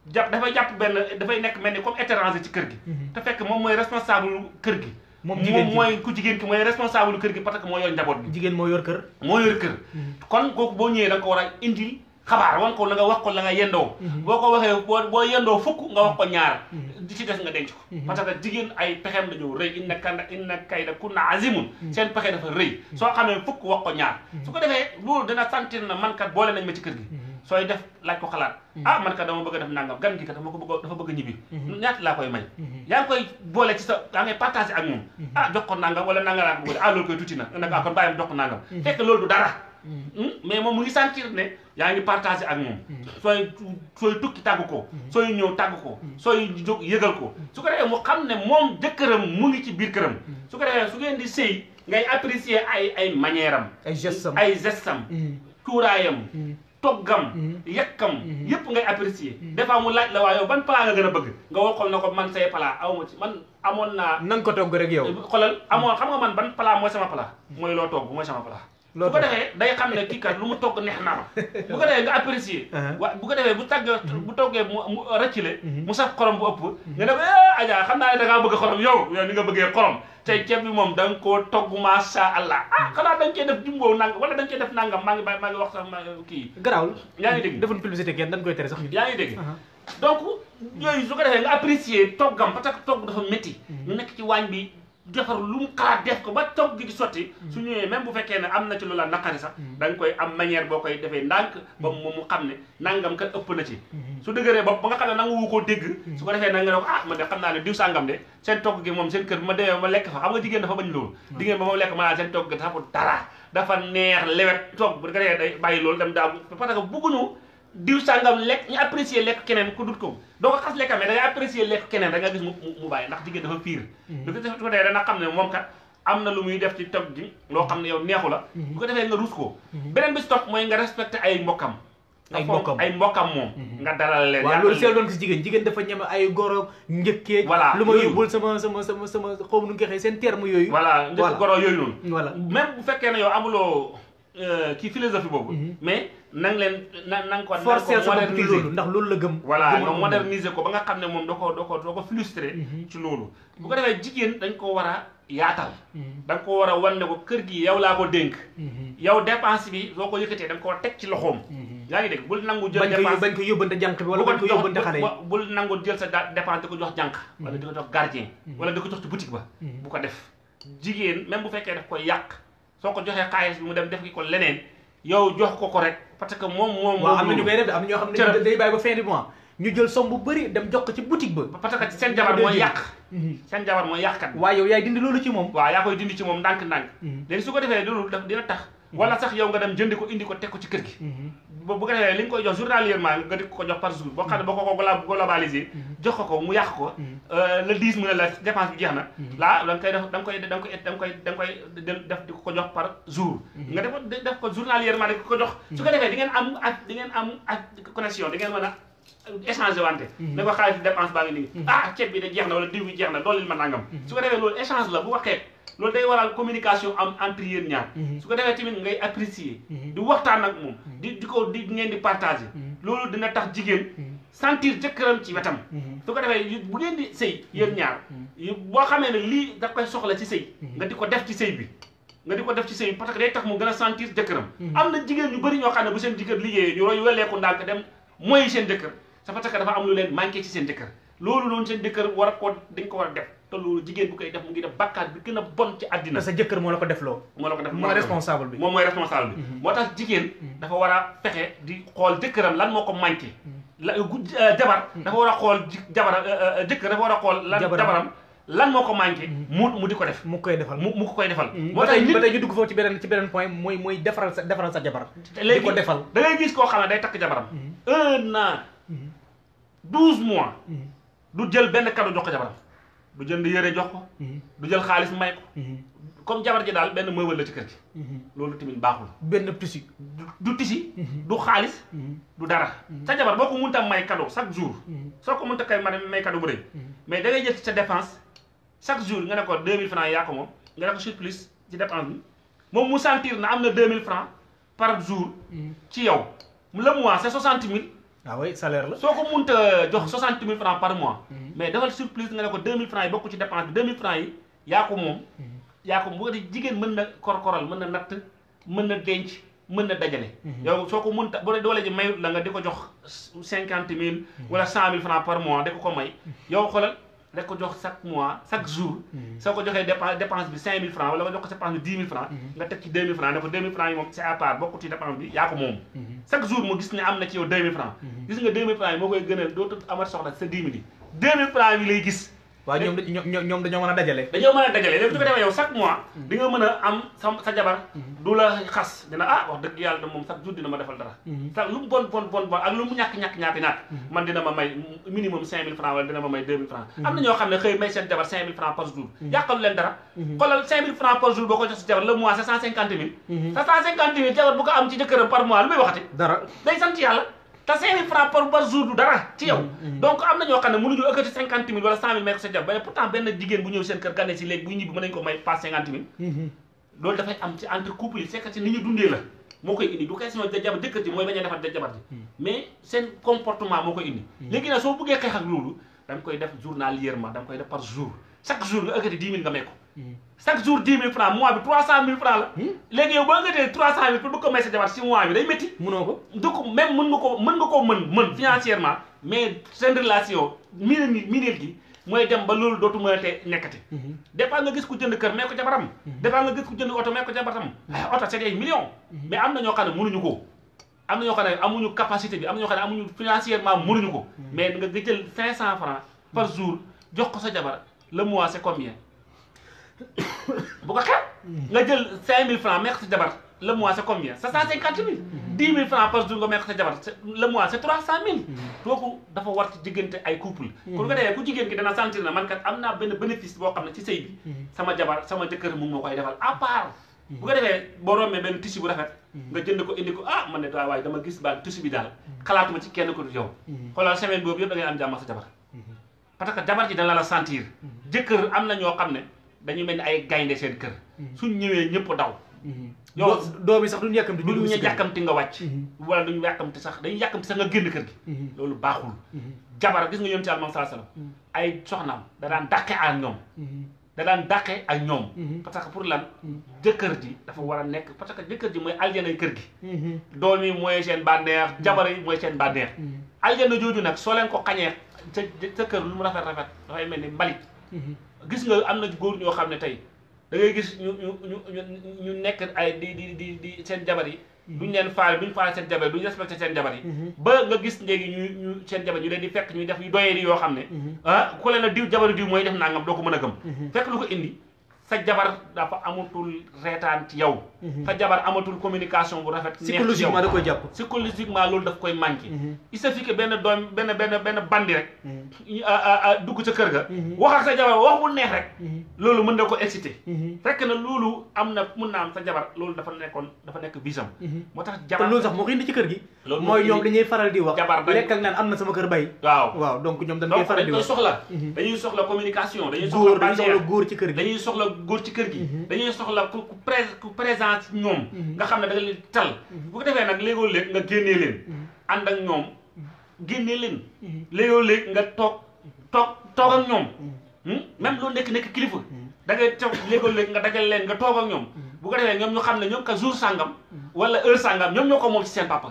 hmm? ah, jàpp dafay jàpp benn dafay nekk mel ni comme étranger ci kër gi te fekk moom mooy responsable kër gi moom jigéen mooy ku jigéen ki mooy responsable kër gi parce que moo yor njaboot bi jigéen moo yor kër moo yor kër mhm. kon kooku boo ñëwee da ko war a indil xabaar wan ko la nga wax ko la nga yendoo mhm. boo ko waxee boo boo yendoo fukk nga wax ko mhm. ñaar di ci des nga denc ko parce que jigéen ay pexeem dañoo rëy inna kay da kayda kunna azimun seen pexe dafa rëy soo xamee fukk wax ko ñaar su ko defee loolu dina sentir na mankat boole nañ ma ci kër gi sooy def laaj ko xalaat mhm. ah man ka dama bëgg a def nangam gan gi kat dama ko bëgg dafa bëgg ñibbi mhm. ñaata laa koy may mhm. yaa ngi koy boole ci sa yaa ngay partagé ak moom ah jox ko nangam wala nanga laa ko bëgg ah na nag ah kon bàyyam jox ko nangam loolu du dara hmm? mais moom mu ngi sentir ne yaa ngi partagé ak moom sooy sooy tukki tàgg ko sooy ñëw tàgg ko sooy jóg yëgal ko su ko defee moo xam ne moom jëkkëram mu ngi ci biir këram su ko defee su ngeen di sëy ngay apprécier ay ay manière am ay gestam ay gestam cuuraayam toggam mhm. yakkam mhm. yépp ngay apprécier mhm. des fois mu laaj la waa yow ban plat nga gën a bëgg nga waxoon na ko man say plat awma ci man amoon naa nan ko togg rek yow xoolal amoon xam nga man ban palaa mooy sama plat mooy loo togg mooy sama plat bu ko defee day xam ne kii kat lu mu togg neex na ma bu ko defee nga apprécier *laughs* uh-huh. waa bu ko defee bu tàgg bu toggee mu rëccile mu saf xorom bu ëpp nga ne ko eh, Adja xam naa ne da ngaa bëgg xorom yow ni nga bëggee xorom te ceeb bi moom da nga koo togg macha allah ah xanaa da nga koy def jumbo nangam wala da nga koy nangam maa ngi maa ngi wax sax ma kii. garaawul yaa ngi dégg defuñu publicité kenn dañ koy tere sax. yaa ngi dégg uh-huh. donc yooyu su ko defee nga apprécier toggam parce que togg dafa métti. Mm-hmm. nekk ci waañ bi. defar lu mu xalaat def ko ba toog gi di sotti su ñëwee même bu fekkee ne am na ci loola naqari sax mm-hmm. da nga koy am manière boo koy defee ndànk ba moom mu xam ne nangam kat ëpp na ci mm-hmm. su dëgëree bopp ba nga xam ne nangu wu koo dégg mm-hmm. su ko defee nag nga ne ko ah man de xam naa ne diw sàngam de seen togg gi moom seen kër ma demee ma lekk fa xam nga jigéen dafa bañ loolu ba ma lekk ma naan seen togg gi dafa dara dafa neex lewet togg bu ko defee day bàyyi loolu dem daa parce que bugguñu diw sàngam lekk ñu apprécier lekk keneen ko dut ko doo ko xas lekk mais da ngay apprécier lekk keneen da nga gis mu mu bàyyi ndax jigéen dafa fiir du mm-hmm. ko def ko dee xam ne moom kat am na lu muy def ci toog ji loo xam ne yow neexu la bu mm-hmm. ko defee nga ruus ko mm-hmm. beneen bi si topp mooy nga respecté ay mbokkam ay mbokkam ay mbokkam moom nga dalal leen waaw loolu seetlu doon ko si jigéen jigéen dafa ñeme ay goro njëkkee voilà lu ma yóbbul sama sama sama sama xaw nu ngexee seen terme yooyu voilà njëkk goro yooyu noonu voilà même bu fekkee ne yow amuloo euh, kii philosophie boobu mais na leen na na nga ko forcer su ndax loolu la gëm voilà nga moderniser ko ba nga xam ne moom doo ko doo ko doo ko frustré mhm. ci loolu bu ko defee jigéen dañ ko war a yaatal mhm. da nga ko war a wan ne ko kër gi yow laa ko dénk mhm. yow dépense bi soo ko yëkkatee da nga koo teg ci loxoom yaa ngi dégg bul nangu jël dépense bañ ko yóbbante jànq bi wala bañ ko yóbbante xale yi bul nangu jël sa dépense di ko jox jànq wala di ko jox gardien wala di ko jox ci boutique ba bu ko def jigéen même bu fekkee daf ko yàq soo ko joxee xaalis bi mu dem def ki ko leneen yow jox ko ko rek parce que moom moom. waaw am na ñu koy def de am na ñoo xam ne day bàyyi ba fin du mois. ñu jël somme bëri dem jox ci boutique ba. parce que seen jabar mooy yàq. Mm-hmm. seen jabar mooy yàqkat. waaw yow yaay dindi loolu ci moom. waaw yaa koy dindi ci moom ndànk-ndànk. Mm-hmm. léegi su ko defee loolu daf dina tax wala sax yow nga dem jëndi ko indi ko teg ko ci kër gi mhm. bu ko defee li nga ko jox par jour boo ko globalisé mhm. jox ko mhm. euh, bi jeex na laa da nga koy def da koy da nga koy def di ko jox par jour nga def def ko journalièrement di ko jox su ko defee di ne am ak di ngeen am ak connexion di ngeen mën a échanger wante ne ko xaalis dépense baa ngi nii ah ceeb bi de jeex na wala diw bi jeex na doolil ma nangam su ko defee loolu échange la bu waxee loolu day waral communication am entre yéen ñaar. Mhm. su ko defee tamit ngay apprécier. Mhm. di waxtaan ak moom. Mhm. di di ko di ngeen di partager. loolu dina tax jigéen. sentir jëkkëram ci wetam. su ko defee bu ngeen di sëy yéen ñaar. boo xamee ne lii da koy soxla ci sëy. nga di ko def ci sëy bi. nga di ko def ci sëy bi parce que day tax mu gën a sentir jëkkëram. am na jigéen ñu bëri ñoo xam ne bu seen jëkkër liggéeyee ñu roy weleeku ndànk dem mooy seen jëkkër. sa parce que dafa am lu leen manqué ci seen jëkkër loolu noonu seen jëkkër war a ko dañ ko war def te loolu jigéen bu koy def mu ngi def bàkkaar bi gën a bon ci àddina sa jëkkër moo la ko def loo moo la ko def mooy responsable bi moom mooy responsable mm-hmm. moo tax jigéen mm-hmm. dafa war a fexe di xool jëkkëram lan moo ko manqué mm-hmm. la euh, jabar dafa war a xool jabar euh, euh, jëkkër dafa war a xool lan jabaram lan moo ko manqué mu mu di ko def mu koy defal moo mu ko koy defal moo tax ba tey ñu dugg foofu ci beneen ci beneen point mooy mooy defaral sa defaral sa jabar léegi di ko defal da ngay gis koo xam ne day takk jabaram un an douze mois du jël benn cadeau jox ko jabaram du jënd yëre jox ko mhm. du jël xaalis may ko mhm. comme jabar ji daal benn meuble la ci kër gi mhm. loolu tamit baaxul benn tisi du tisi du xaalis du dara sa jabar boo ko munta may cadeau chaque jour soo ko munta kay ma may cadeau bu rëy mais da ngay jël sa dépense chaque jour nga ne ko 2000 francs yaa ko moom nga ne ko surplus ci dépense moom mu sentir na am na mille francs par jour ci yow le mois c'est 60 000 ah oui la soo ko mënta jox mm-hmm. soixante mille francs par mois. Mm-hmm. mais defal surplus nga ne ko deux mille francs yi bokk ci dépense bi deux mille francs yi yaa ko moom. Mm-hmm. yaa ko bu ko defee jigéen mën na kor korkoral mën na natt mën na denc mën na dajale. yow soo ko mënta bu dee doole ji may la nga di ko jox cinquante mille. wala cent mille francs par mois di ko ko may yow xoolal. rek ko jox chaque mois chaque jour. Mhm. soo ko joxee dépense dépense bi 5000 francs wala nga jox dépense bi 10 000 francs mhm. nga teg ci 2000 francs ne ko 2000 francs yi moom c'est bokkut ci dépense bi yaa ko moom. Mhm. chaque jour mu gis ne am na ci yow 2000 francs. gis nga 2000 francs yi moo koy gënal dootul amat soxla sa 10 000 yi francs yi lay gis. waaye ñoom dañoo ñoom dañoo mën dajale. dañoo mën a dajale léegi su ko defee yow chaque mois. sa jabar. Mhm. du la xas dina ah wax dëgg yàlla de moom chaque jour mhm. mhm. dina ma may minimum 5000 francs wala dina ma may 2000 francs. am na ñoo xam ne xëy may seen jabar 5000 francs par jour. yàqalu leen dara. xoolal 5000 francs par jour boo ko sa jabar le mois c'est 150 000. 150 000 jabar bu am ci jëkkëram par mois lu muy waxati. dara te cinq mille par par jour du dara ci yow mm, mm. donc am na ñoo xam ne mënuñu ëkkati cinquante mille wala cent mille may ko seen jàpp ba ne pourtant benn jigéen bu ñëw ko may pas cinquante mille mm-hmm. loolu dafay am ci entre couple yi c'est ci ni ñu dundee la moo koy indi du question da jabar jëkkër ji mooy bañ a defar jabar ji mm. mais seen comportement moo koy indi léegi nag soo bëggee xeex ak loolu da koy def journalièrement da nga koy def par jour chaque jour nga ëkkati Mm. chaque jour dix mille francs mois bi trois cent mille francs la. Hmm? léegi yow boo yëgatee trois cent mille pour bëgg ko may si mois bi day métti. mënoo mën nga ko mën nga koo mën mën financièrement mais seen relation miineel gi mooy dem ba loolu dootu mën a te nekkati. Hmm. des nga gis ku jënd kër may ko jabaram. Hmm. des fois nga gis ku jënd oto may ko jabaram. waaye ah, oto c'est des millions. mais am na ñoo xam ne mënuñu ko. am na ñoo xam ne amuñu capacité bi am na ñoo xam ne amuñu financièrement ñu ko. mais nga jël cinq cent francs par jour jox ko sa jabar le mois c'est combien *coughs* bu ko xeeb nga jël cinq mille francs meq sa jabar le mois c'est combien c'est cent trois cent mille kooku dafa war ci diggante ay couple kon nga defee ku jigéen gi dana sentir na man kat am naa benn bénéfice boo xam ne ci sëy bi sama jabar sama jëkkër mu ngi ma koy defal à part bu ko defee boo rommee benn tissu bu rafet nga jënd ko indi ko ah man ne daa waaye dama gis baal tissu bi daal xalaatuma ci kenn ko du yow xoolal semaine boobu yëpp da ngay am jàmm sa jabar parce que am na ñoo xam ne dañu mel ni ay gaynde seen kër. Mhm. suñ ñëwee ñëpp daw. Mhm. yow doom yi sax duñu yàkkamti duñu yàkkamti nga wàcc. Mhm. wala duñu yàkkamti sax dañuy yàkkamti sax nga génn kër gi. loolu baaxul. jabar gis nga yoon ci Yàlla moom sallallahu ay soxnaam da daan dàqe ñoom. da daan ak ñoom. parce pour lan jëkkër ji dafa war a nekk parce que jëkkër ji mooy aljanay kër gi. doom yi mooy seen bànneex jabar yi mooy seen bànneex. aljana jooju nag soo leen ko xañee sa sa kër lu mu rafet rafet dafay mel ni mbalit gis nga am na góor ñoo xam ne tey da ngay gis ñu ñu ñu ñu nekk ay di di di seen jabar yi. Mm-hmm. duñ leen faal duñ faal seen jabar yi duñ respecté seen jabar yi. Mm-hmm. ba nga gis njéegi ñu ñu seen jabar ñu leen di fekk ñuy def yu doyee di yoo xam ne. Mm-hmm. ah ku leen a diw jabaru diw mooy def nangam doo ko mën a gëm. fekk lu ko indi sa jabar dafa amatul reetaan ci yow. fa mhm. jabar amatul communication bu rafet. psychologiquement da koy jàpp psychologiquement loolu daf koy manqué. Mhm. il suffit que benn doom benn benn benn bandi rek. Mhm. dugg ca kër ga. wax ak sa jabar wax bu neex rek. loolu mën na ko excité. fekk na loolu am na mun na am sa jabar loolu dafa nekkoon dafa nekk visam. moo tax jabar loolu sax moo ko indi ci kër gi. loolu mooy ñoom dañuy faral di wax. jabar dañuy lekk ak naan am na sama kër bay. waaw soxla communication. dañuy soxla góor dañuy soxla góor ci kër gi dañuy soxla góor ci kër gi dañuy soxla ku présent temps ci mhm. nga xam ne da leen tal mhm. bu ko nag léegoo léeg nga génnee leen mhm. ànd ak ñoom génnee leen léegoo léeg nga toog toog toog ak ñoom hmm? même loolu nekk nekk kilifa da ngay toog léegoo léeg nga dajal leen nga toog ak ñoom bu ko defee ñoom ñu xam ne ñoom ka jour sàngam wala heure sàngam ñoom ñoo ko moom ci seen papa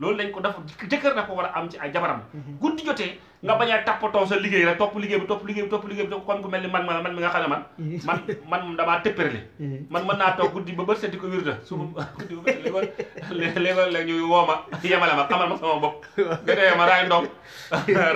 loolu lañ ko dafa jëkkër na ko war am ci ay jabaram guddi jotee nga bañ a tappatoo sa liggéey rek topp liggéey bi topp liggéey bi topp liggéey bi topp kon ku mel ni man man man mi nga xam ne man *laughs* man man moom damaa tëppërli mm-hmm. man mën naa toog guddi ba bët seeti ko wirda *laughs* mm-hmm. su *laughs* guddi ba léegi léegi ñu woo ma yemale ma xamal ma sama bopp nga dee ma raay ndoom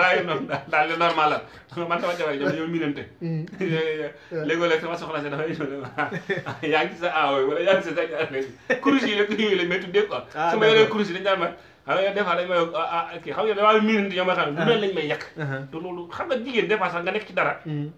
raay ndoom daal di normal la man sama jabar ñoom ñoo miinante mm-hmm. léegoo-léeg sama soxna si dafay ñëw yaa ngi ci sa aawooy wala yaa ngi ci sa kurus yi rek yooyu lañ may tuddee quoi ah, su ma yoree kurus yi dañ daan ma xam nga des fois dañ may ah, ah kii xam nga damaa miinante ñoom ma xam ne. lu leen ah. lañ may yàq. Uh-huh. te loolu sax nekk ci dara. Mm.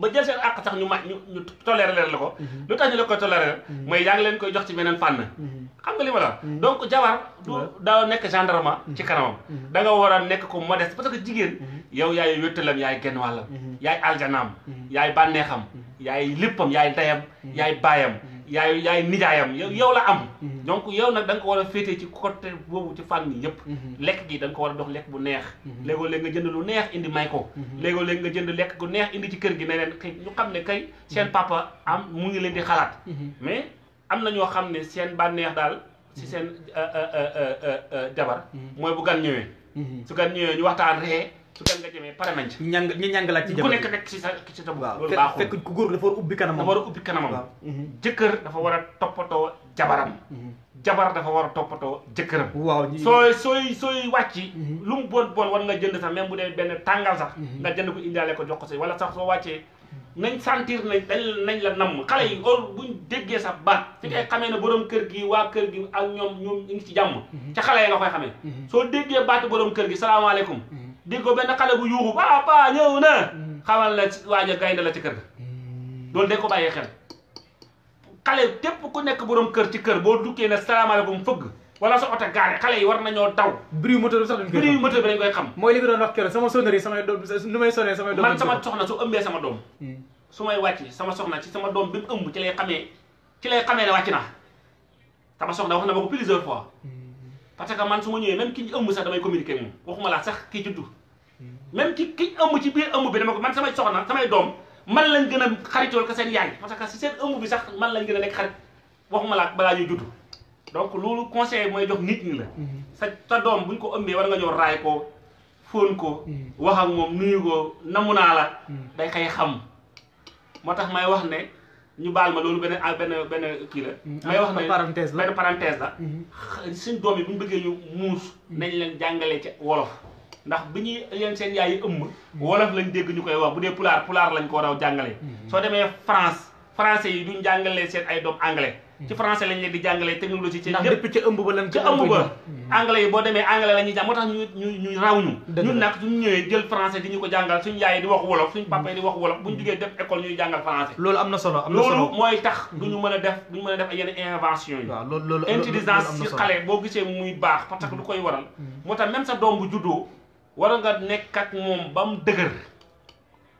ba jël seen àq sax ñu ma ñu ñu toléré leen la ko. Mm-hmm. lu tax ñu la koy toléré. Mm-hmm. mooy yaa ngi leen koy jox ci beneen fànn. Mm-hmm. xam nga li ma la donc jabar du daa nekk gendarme ci kanamam. da nga war a nekk ko modeste parce que jigéen. yow yaay wéttalam yaay genn wàllam. yaay aljanaam. yaay bànneexam. yaay léppam yaay ndeyam. yaay baayam. yaay yaay nijaayam yow la am mm-hmm. donc yow nag da ko war a féetee ci côté boobu ci fànn yëpp mm-hmm. lekk gi da ko war a dox lekk bu neex mm-hmm. léegoo léeg nga jënd lu neex indi may ko léegoo léeg nga jënd lekk gu neex indi ci kër gi ne leen kay ñu xam ne kay seen papa am mu ngi leen di xalaat mais am na ñoo xam ne seen bànneex daal si seen euh, euh, euh, jabar mooy bu gan ñëwee su gan ñëwee ñu waxtaan ree su kan nga jëmee pare nañ ci. ñu ñàng ñu ñàng laaj ci jamono ku nekk nekk ci sa a ubbi mhm. Mhm. jëkkër dafa war toppatoo jabaram. Mhm. jabar dafa war a toppatoo jëkkëram. waaw sooy sooy sooy wàcc. lu mu bon bon war nga jënd sax même bu dee benn tàngal sax. nga jënd ko indaale ko jox ko si wala sax soo wàccee. nañ sentir nañ dañ nañ la namm xale yi or buñ déggee sa baat fi ngay xamee ne borom kër gi waa kër gi ak ñoom ñoom ñu ci jàmm. ca xale yi nga koy xamee. soo déggee baat borom kër gi salaamaaleykum dégg ko benn xale bu yuuxu paa paa ñëw na mm. xamal la waaja gaynde la ci kër ga mm. loolu dañ ko bàyyee xel xale tépp ku nekk borom kër ci kër boo dukkee ne salaamaaleykum fëgg wala sa oto gaare xale yi war nañoo daw bruit moteur bi sax dañ koy bruit moteur xam mooy li nga doon wax keroog sama sonnerie samay doom nu may sonnee samay doom man sama soxna su ëmbee sama doom mm. su may wàcc sama soxna ci sama doom bi mu ëmb ci lay xamee ci lay xamee ne wàcc naa sama soxna wax na ma ko plusieurs fois parce que man su ma ñëwee même ki ñu ëmb sax damay communiquer laa sax kii même ki kiñ ëmb ci biir ëmb bi dama ko man samay soxna samay doom man lañ gën a xaritool ko seen yaay parce que si seen bi sax man lañ gën a nekk xarit waxuma laa balaa ñuy donc loolu conseil mooy jox nit ñi la mm-hmm. sa buñ ko ëmbee war nga ñëw raay ko fóon ko mm-hmm. wax ak moom nuyu ko namu naa la mm-hmm. day xëy xam moo tax may wax ne ñu baal ma loolu benn benn benn kii la may wax ne parenthèse la benn parenthèse la suñ doom yi bu ñu bëggee ñu muus nañ leen jàngalee ci wolof ndax bi ñuy yéen seen yaay yi ëmb wolof lañ dégg ñu koy wax bu dee pulaar pulaar lañ ko raw jàngale hmm. soo demee France français yi duñ jàngalee seen ay doom anglais hmm. ci français lañ leen di jàngalee technologie ci lépp ca ëmb ba lañ ca ëmb ba hmm. anglais yi boo demee anglais la ñu ñu ñu raw ñu ñun ñëwee jël français di ñu ko jàngal suñu yaay di wax wolof suñu papa yi di loolu am na solo am na solo loolu mooy tax duñu mën a def duñu mën a def ay yenn invention yi loolu loolu intelligence ci xale boo gisee muy baax parce que lu koy waral moo tax même sa doom bu juddoo war nga nekk ak moom ba mu dëgër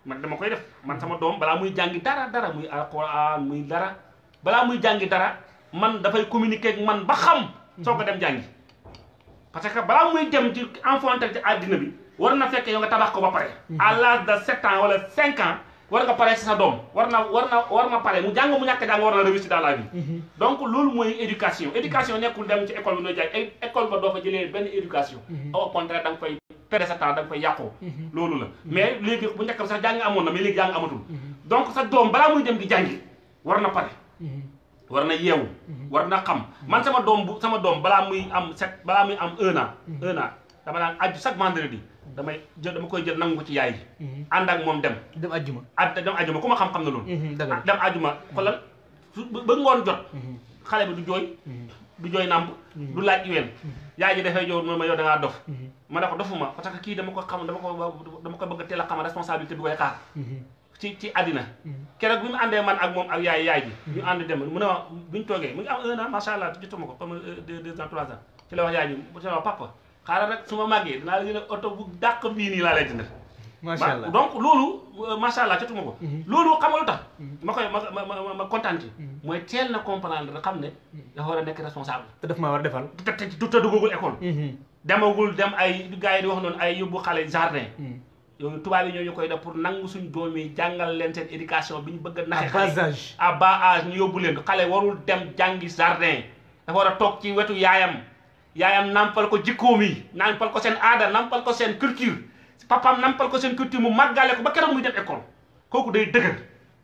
man dama koy def man sama doom balaa muy jàngi dara dara muy alquran muy dara balaa muy jàngi dara man dafay communiquer ak man ba xam soo ko dem jàngi parce que balaa muy dem ci enfanté ci àddina bi war na fekk yow nga tabax ko ba pare à l'âge de sept ans wala cinq ans war nga pare sa doom war na war na war na pare mu jàng mu ñàkk jàng war na réussir dans la vie. Mhm. donc loolu mooy éducation éducation dem ci école bi doo fa jëlee benn éducation. Mhm. au da nga fay perdre sa temps da nga fay mhm. loolu la mais léegi bu njëkk sax jàng amoon na mais léegi jàng donc sa doom balaa muy dem di jàngi war na pare. war na yeewu. war na xam man sama doom bu sama doom balaa muy am set balaa muy am un an. un an dama naan aju chaque vendredi. damay jël dama koy jël nangu ko ci yaay ji. Mhm. ànd ak moom dem. dem àjjuma ah dem àjjuma ku ma xam xam na loolu. Mhm, dëgg la ah, dem àjjuma xoolal ba ngoon jot. Mhm. xale bi du jooy. du jooy nàmp. du laaj iween. yaay ji dafay jow ma yow da dof. ma ne ko dofuma kii dama ko xam dama ko dama ko bëgg a teel a xam responsabilité bi koy xaar. ci ci àddina. keroog mu àndee ak moom ak yaay yaay ji. ñu ànd dem mu ne ma bu ñu mu ngi am un an macha allah jotuma ko comme deux deux ans trois ans ci xaaral rek su ma màggee dinaa la jëndal oto bu dàq bii nii laa lay jëndal. macha allah donc loolu euh, macha allah jotuma ko. Mhm. loolu xam nga tax. Mhm. ma koy ma ma ma ma kontaan ci. Mhm. mooy teel na comprendre nga xam ne. dafa war a nekk responsable. te daf maa war a defal. te te te duggagul école. demagul dem ay gars yi di wax noonu ay yóbbu xale jardin. yooyu tubaab yi ñoo ñu koy def pour nangu suñu doom yi jàngal leen seen éducation bi ñu bëgg a. naxe xale à bas âge. à yóbbu leen xale warul dem jàngi jardin. dafa war a toog ci wetu yaayam. yaayam nampal ko jikkoom yi nampal ko seen aada nampal ko seen culture papaam nampal ko seen culture mu màggale ko ba keroog muy dem école kooku day dëgër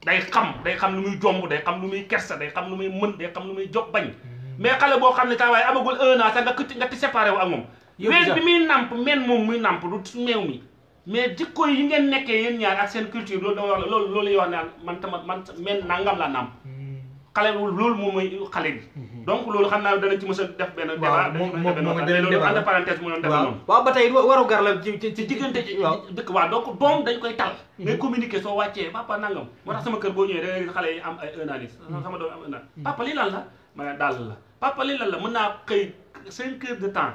day xam day xam lu muy jombu day xam lu muy kersa day xam lu muy mën day xam lu muy job bañ mm-hmm. mais xale boo xam ne tax waaye amagul un an sax nga këtt nga ti séparé wu ak moom ween bi muy namp men moom muy namp du meew mi mais jikko yi ngeen nekkee yéen ñaar ak seen culture lool da wax loolu loolu lay wax naan man tamit man men nangam la namp mm-hmm. xale loolu moom mooy xale bi. Mhm. donc loolu xam naa dana ci mos a def benn. débat moom moom moom nga loolu mu doon def noonu. waaw ba tey waru la ci ci diggante ci. dëkk waaw doom dañ koy tal. ngay mhm. communiquer soo wàccee papa nangam. moo tax sama kër boo ñëwee da ngay gis xale yi am ay un an yi mhm. sama doom am un an papa lii lan la ma daal la papa lii lan la mën naa xëy cinq de temps.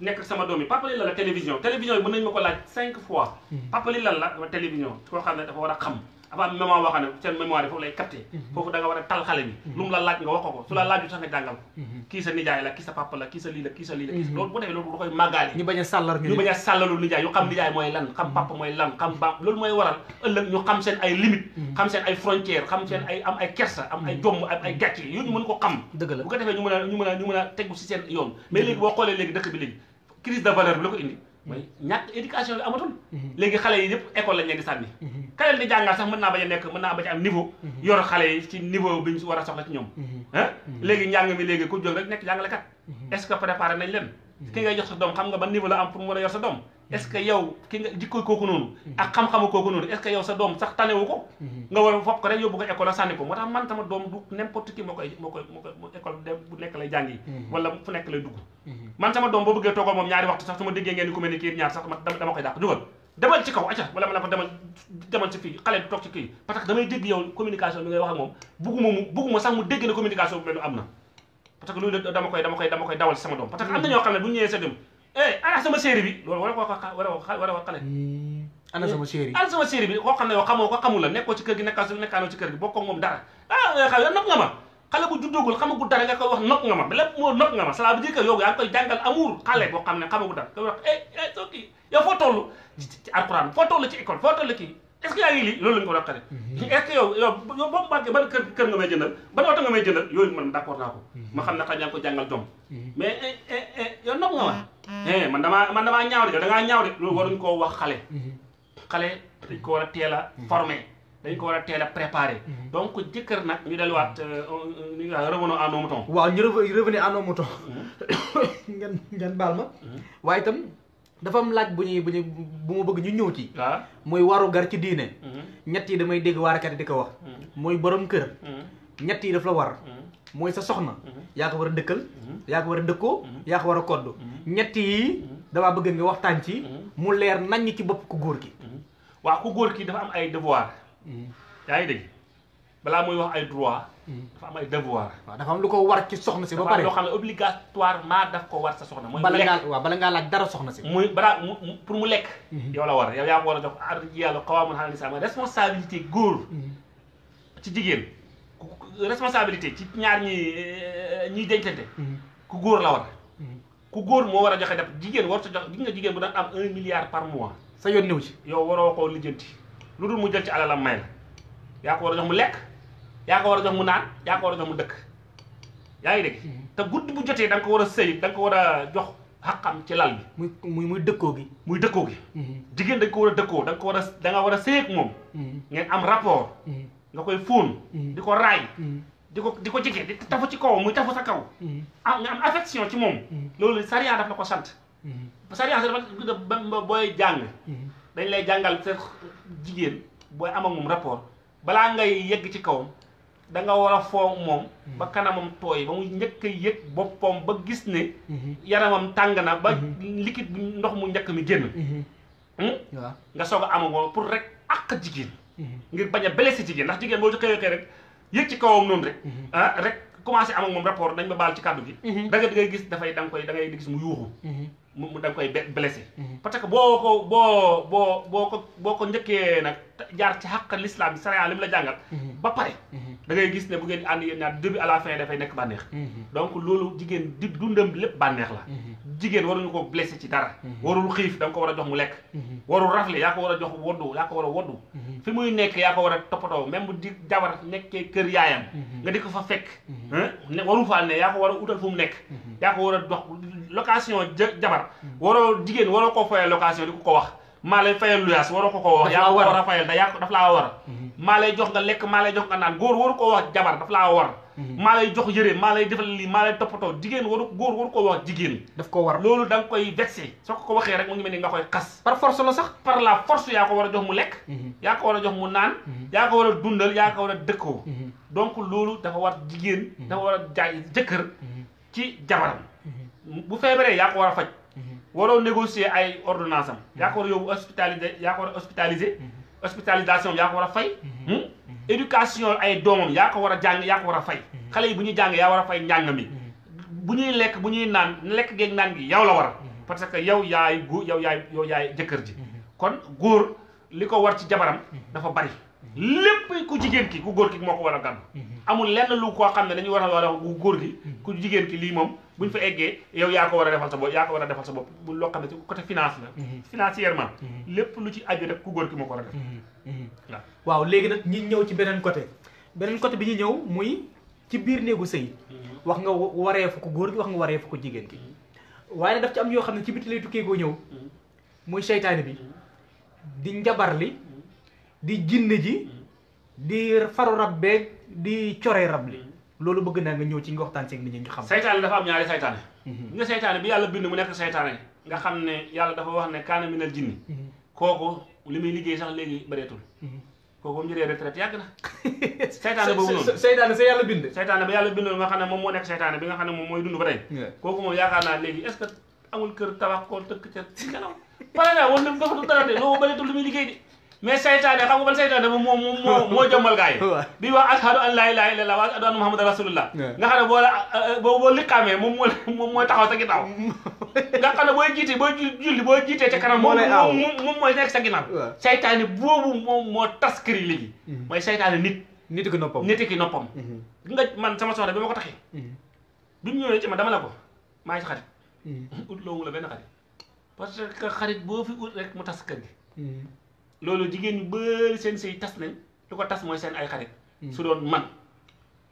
nekk sama doom yi papa lii lan la télévision télévision yi mën nañu ma ko laaj cinq fois. papa lii lan la télévision koo xam ne dafa war a xam dafa am mémoire boo xam ne seen mémoire yi foofu lay capté mhm. foofu da nga war a tal xale bi mhm. lu mu la laaj nga wax ko su la mhm. laaju sax nga jàngal ko kii sa nijaay la kii sa papa la kii sa lii la kii sa lii la kii sa loolu bu defee loolu da koy màggaale ñu bañ a sàllar ñu bañ a sàllalu nijaay yu xam nijaay mooy lan xam papa mooy lan xam ba loolu mooy waral ëllëg ñu xam seen ay limite xam seen ay frontière xam seen ay am ay kersa am ay jomb am ay gàcce yooyu ñu mën ko xam dëgg la bu ko defee ñu mën a ñu mën a ñu mën a tegu si seen yoon mais léegi boo xoolee léegi dëkk bi léegi crise de valeur bi la ko indi mooy mm-hmm. ñàkk éducation bi amatul mm-hmm. léegi xale yi yëpp école lañ di sànni mm-hmm. ka leen di jàngal sax mën naa bañ a nekk mën naa bañ a am niveau yor xale yi ci niveau bi war a soxla ci ñoom ah léegi njàng mi léegi ku jóg rek nekk jàngalekat est-ce que préparé nañ leen ki ngay jox sa doom xam nga ban niveau la am pour mu war a yor sa doom est-ce ki nga jikko kooku noonu ak xam-xamu kooku noonu est-ce sa doom sax tanewu ko nga war a fopp ko rek yóbbu a sànni ko moo tax man sama doom du demal ci kaw acca wala ma la ko demal demal ci fii xale du toog ci kii parce damay dégg yow communication bi ngay wax moom bugguma sax mu dégg ne communication bu mel am na parce que loolu dama koy dama koy dama koy dawal sama doom parce que am na ñoo xam ne bu ñu ñëwee sa doom eh ana sama série bi a ko war a war a xale hmm, ana ne yow xamoo ko xamul la kër gi nekkaa su nekkaanoo ci kër gi bokkoo moom dara ah eh, xale yow nopp nga ma xale bu juddoogul xamagul dara nga koy wax nopp nga ma bi lépp moo nopp nga ma cela veut dire que yow yaa ngi koy jàngal amour xale boo xam ne xamagul dara koy wax eh eh soo kii yow foo toll ci alquran foo toll ci école foo est ce que yaa ngi lii loolu la ñu ko rafetale. Mhm. est ce que yow yow yow boo màggee ban kër kër nga may jëndal ban nga may jëndal ko. Mhm. ma xam ne xaj na ko jàngal jom. Mhm. mais eh, eh, eh, yow nopp nga ma. man damaa man damaa ñaaw de yow da ngaa ñaaw de loolu waruñu koo wax xale. xale dañ ko war a teel a formé. dañ ko war a teel a préparé. donc jëkkër nag ñu delluwaat euh, euh, ñu ngi euh, revenons à nos moutons. waaw ñu revenons à nos moutons. *coughs* ngeen ngeen baal ma. waaye itam. dafa am laaj bu ñuy bu ñuy bu ma bëgg ñu ñëw ci. waaw ah. mooy waru gar ci diine. Mm-hmm. ñett yi damay dégg waarakat di ko wax. Mm-hmm. mooy boroom kër. Mm-hmm. ñett yi dafa la war. mooy sa soxna. yaa ko war a dëkkal. yaa war a dëkkoo. yaa ko war a koddu. ñett yi damaa bëgg nga waxtaan ci. mu leer naññ ci bopp ku góor ki. waaw ku góor ki dafa am ay devoir. yaa ngi dégg. balaa muy wax ay droit hmm. dafa am ay devoir waaw dafa lu ko war ci soxna si ba pare loo xam ne obligatoirement daf ko war sa soxna mooy bala ngaa waaw bala ngaa laaj dara soxna si muy balaa pour mu lekk hmm. yow la war yow yaa ko war a jox ar-rijaalu qawwaamuuna ala nisaa responsabilité góor hmm. ci jigéen responsabilité ci ñaar ñi eh, ñiy dencante ku góor la war góor moo war a joxe def jigéen war sa jox jigéen bu daan am un par mois sa yoon néew yow waroo koo lu dul mu jël ci alalam yaa ko war a jox mu lekk yaa ko war a jox mu naan yaa ko war a jox mu dëkk yaa ngi dégg hmm. te guddi bu jotee da ko war a sey da ko war a jox xaqam ci lal bi muy muy dëkkoo gi muy dëkkoo gi hmm. jigéen da nga war a dëkkoo da nga war a da nga war a sëy moom hmm. ngeen am rapport nga koy fóon di ko raay di ko di ko jege tafu ci kaw muy tafu sa kaw am nga am affection ci moom loolu sariya daf la ko sant sariya dafa booy jàng dañ lay jàngal sa jigéen booy ama ak moom rapport balaa ngay yegg ci kawam da nga war a foo moom hmm. ba kanamam tooy ba mu njëkk a yëg boppam ba gis ne hmm. yaramam tàng na ba hmm. liquide bu ndox mu njëkk mi génn waaw nga soog a amagoo pour rek àq jigéen ngir bañ a blessé jigéen ndax jigéen boo ci xëy rek yëg ci kawam noonu rek ah rek commencé am ak moom rapport dañ ma baal ci kàddu gi da nga ngay gis dafay da koy da ngay gis mu yuuxu mu da koy blessé mhm. parce que boo ko boo boo boo ko boo ko njëkkee nag jaar ci xàq l'islam sariya li mu la jàngal mhm. ba pare mhm. da ngay gis ne bu ngeen ànd yéen ñaar début à la fin dafay nekk bànneex donc loolu jigéen di dundam lépp bànneex la jigéen waruñu ko blessé ci dara warul xiif da nga ko war a jox mu lekk warul rafle yaa ko war a jox woddu yaa ko war a woddu fi muy nekk yaa ko war a toppatoo même bu di jabar nekkee kër yaayam nga di ko fa fekk warul faa ne yaa ko war fu mu nekk yaa ko war a dox location jabar waroo jigéen waroo koo fayal location di ko ko wax maa lay fayal luyaas waroo ko ko wax yaa ko war a fayal da yaa daf laa war mhm. maa lay jox nga lekk maa lay jox nga naan waru koo wax jabar daf laa war mhm. maa lay jox yëre maa lay defal lii maa lay toppatoo jigéen waru góor waru koo wax jigéen daf ko war loolu da koy vexé soo ko ko waxee rek mu ngi mel ni nga par force la sax par la force yaa ko war a jox mu lekk mhm. yaa ko war a jox mu naan yaa ko war a dundal yaa ko war a dëkkoo donc loolu dafa war jigéen dafa war a jaay jëkkër ci jabaram bu feebaree yaa ko war a faj. waroo négocier ay ordonnance am. yaa ko war a yóbbu hospitalisé yaa ko war a hospitalisé. hospitalisation yaa ko war a fay. éducation ay doomam yaa ko war a jàng yaa war a fay. xale yi bu ñuy jàng yaa war a fay njàng mi. bu ñuy lekk bu ñuy naan lekk geeg naan gi yow la war a. parce que yow yaay gu yow yaay yow yaay jëkkër ji. kon góor li ko war ci jabaram. dafa bari. lépp ku jigéen ki ku góor ki moo ko war a gàddu. amul lenn lu koo xam ne dañuy war a war a góor gi ku jigéen ki lii moom. buñ fa eggee yow yaa ko war a defal sa bopp yaa ko war a defal sa bopp bu loo xam ne ci côté finance la mhm. financièrement mhm. lépp lu ci aju rek ku góor ki moo ko war a def mhm. waaw léegi nag ñi ñëw ci beneen côté beneen côté bi ñu ñëw muy ci biir néegu sëy wax nga wareefu ko góor gi wax nga waree wareefu ko jigéen gi waaye daf ci am yoo xam ne ci biti lay tukkee goo ñëw muy seytaane bi di njabar li di jinne ji di faru rab beeg di core rab li loolu bëgg naa nga ñëw ci nga waxtaan seeg nit ñi ñu xam saytaane dafa am ñaari saytaane mhm. nga saytaane bi yàlla bind mu xam ne yàlla dafa wax ne kaana minal jinni mhm. kooku li muy liggéey sax léegi bëreetul mhm. kooku mu jëlee retraite yàgg na saytaane *laughs* boobu noonu saytaane sa yàlla bind saytaane ba yàlla bind nga xam ne moom moo nekk saytaane bi nga xam ne moom mooy dund ba tey kooku moom yaakaar naa léegi est-ce que amul kër tabax koo tëkk ca ci kanam par exemple woon na dafa du dara de loolu bëreetul li muy liggéey de mais saytaane xam nga ban saytaane moom moo moo moo jëmmal gars yi. di *laughs* wax ashadu an laa ilaaha illallah wa ashadu anna muhammadan rasulullah nga xam ne boo la boo boo liqaamee moom moo mooy taxaw sa ginnaaw. *laughs* nga xam ne booy jiite booy julli booy jiitee ca kanam. moo lay aw moom mooy nekk sa ginnaaw. waaw saytaane boobu moom moo tas kër yi léegi. Mm-hmm. mooy saytaane nit. nit ki noppam nit ki noppam. Mm-hmm. nga man sama soxna bi ma ko taxee. Mm-hmm. bi mu ñëwee ci ma dama la ko maa ngi ci xarit. *laughs* ut loo mu la benn xarit parce que xarit boo fi ut rek mu tas kër gi. loolu jigéen ñu bëri seen sëy tas nañ lu ko tas mooy seen ay xarit. Mm. su doon man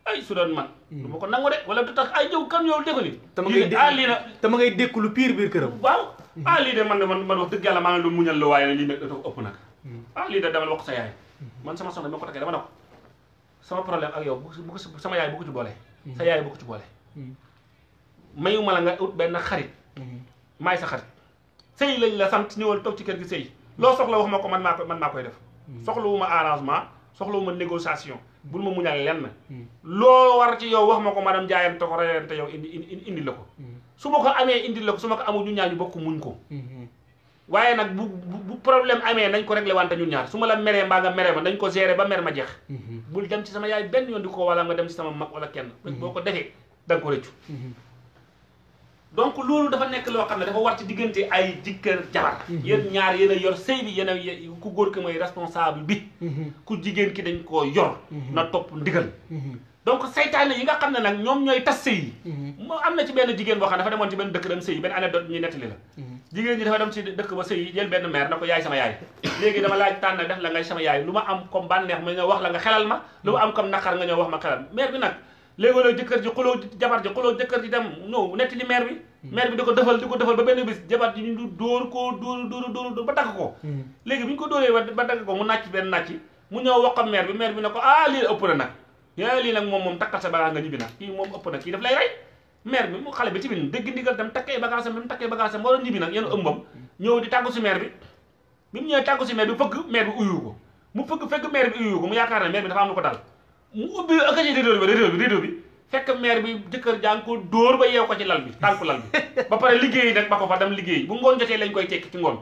ay su doon man. Mm. du ma ko nangu de wala du tax ay jëw kan yow dégg li ah, te ma ngay dégg ma ngay dékku lu piir biir këram. waaw mm. ah lii de man de man man wax dëgg yàlla maa ngi doon muñal la waaye lii nag dafa ëpp nag. ah lii de dama wax sa yaay. man sama soxna bi ma ko takkee dama ne ko sama problème ak yow bu ko sama yaay bu ko boole. sa yaay bu ko boole. mayu ma la nga ut benn xarit. maay sa xarit lañ la sant ñëwal toog ci kër gi loo soxla wax ma ko man maa ko man maa koy def hmm. soxlawuma arrangement soxlawuma négociation hmm. bul ma muñal lenn hmm. loo war ci yow wax ma ko madame jaayante ko reyante yow indi indi la ko su ma ko amee indi la ko su ma ko amul ñun ñaar ñu bokk muñ ko waaye nag bu bu problème amee nañ ko réglé wante ñun ñaar su ma la meree mbaa nga meree ma nañ ko gérer ba mer ma jeex bul dem ci sama yaay benn yoon di ko wala nga dem ci sama mag wala kenn boo ko defee da nga ko rëccu donc loolu dafa nekk loo xam ne dafa war ci diggante ay jëkkër jabar mhm. yéen ñaar yéen a yor sëy bi yéen a ku góor ki mooy responsable bi mhm. ku jigéen ki dañ koo yor mhm. na topp ndigal donc saytaane yi nga xam ne nag ñoom ñooy tas sëy yi moo am na ci benn jigéen boo xam ne dafa demoon ci benn dëkk dem sëy benn anecdote benn mère na ko yaay sama yaay léegi dama laaj tànn def la ngay sama yaay lu ma am comme bànneex ma ñëw wax la nga xelal ma lu ma am comme naqar nga ñëw wax ma xelal mère bi nag léegi léeg jëkkër ji xuloo jabar ji xuloo jëkkër ji dem ñëw nekk ci maire bi hmm. maire bi di ko defal di ko defal ba benn bis jabar ji ñu du dóor koo dóor dóor dóor ba dagg ko hmm. léegi bi ñu ko dóoree ba dagg ko mu nàcc benn nàcc mu ñëw wax ko maire bi maire bi ne ko ah lii ëpp na nag yaa lii moom moom takkal sa bagage nga ñibbi na kii moom ëpp na kii daf lay rey maire bi mu xale bi ci biir dégg ndigal dem takkee bagage am dem takkee bagage am war a ñibbi nag yéen ëmbam hmm. ñëw di tàggu si maire bi bi mu ñëwee tàggu si maire bi fëgg maire bi uyu ko mu fëgg fekk maire bi uyu ko mu yaakaar ne maire bi dafa am lu ko dal mu ubbi ak a ji rideau bi rideau bi rideau bi fekk maire bi jëkkër jàng ko dóor ba yeew ko ci lal bi tànku lal bi *laughs* ba pare liggéeyi nag ba ko fa dem liggéey bu ngoon jotee lañ koy tekki ci ngoon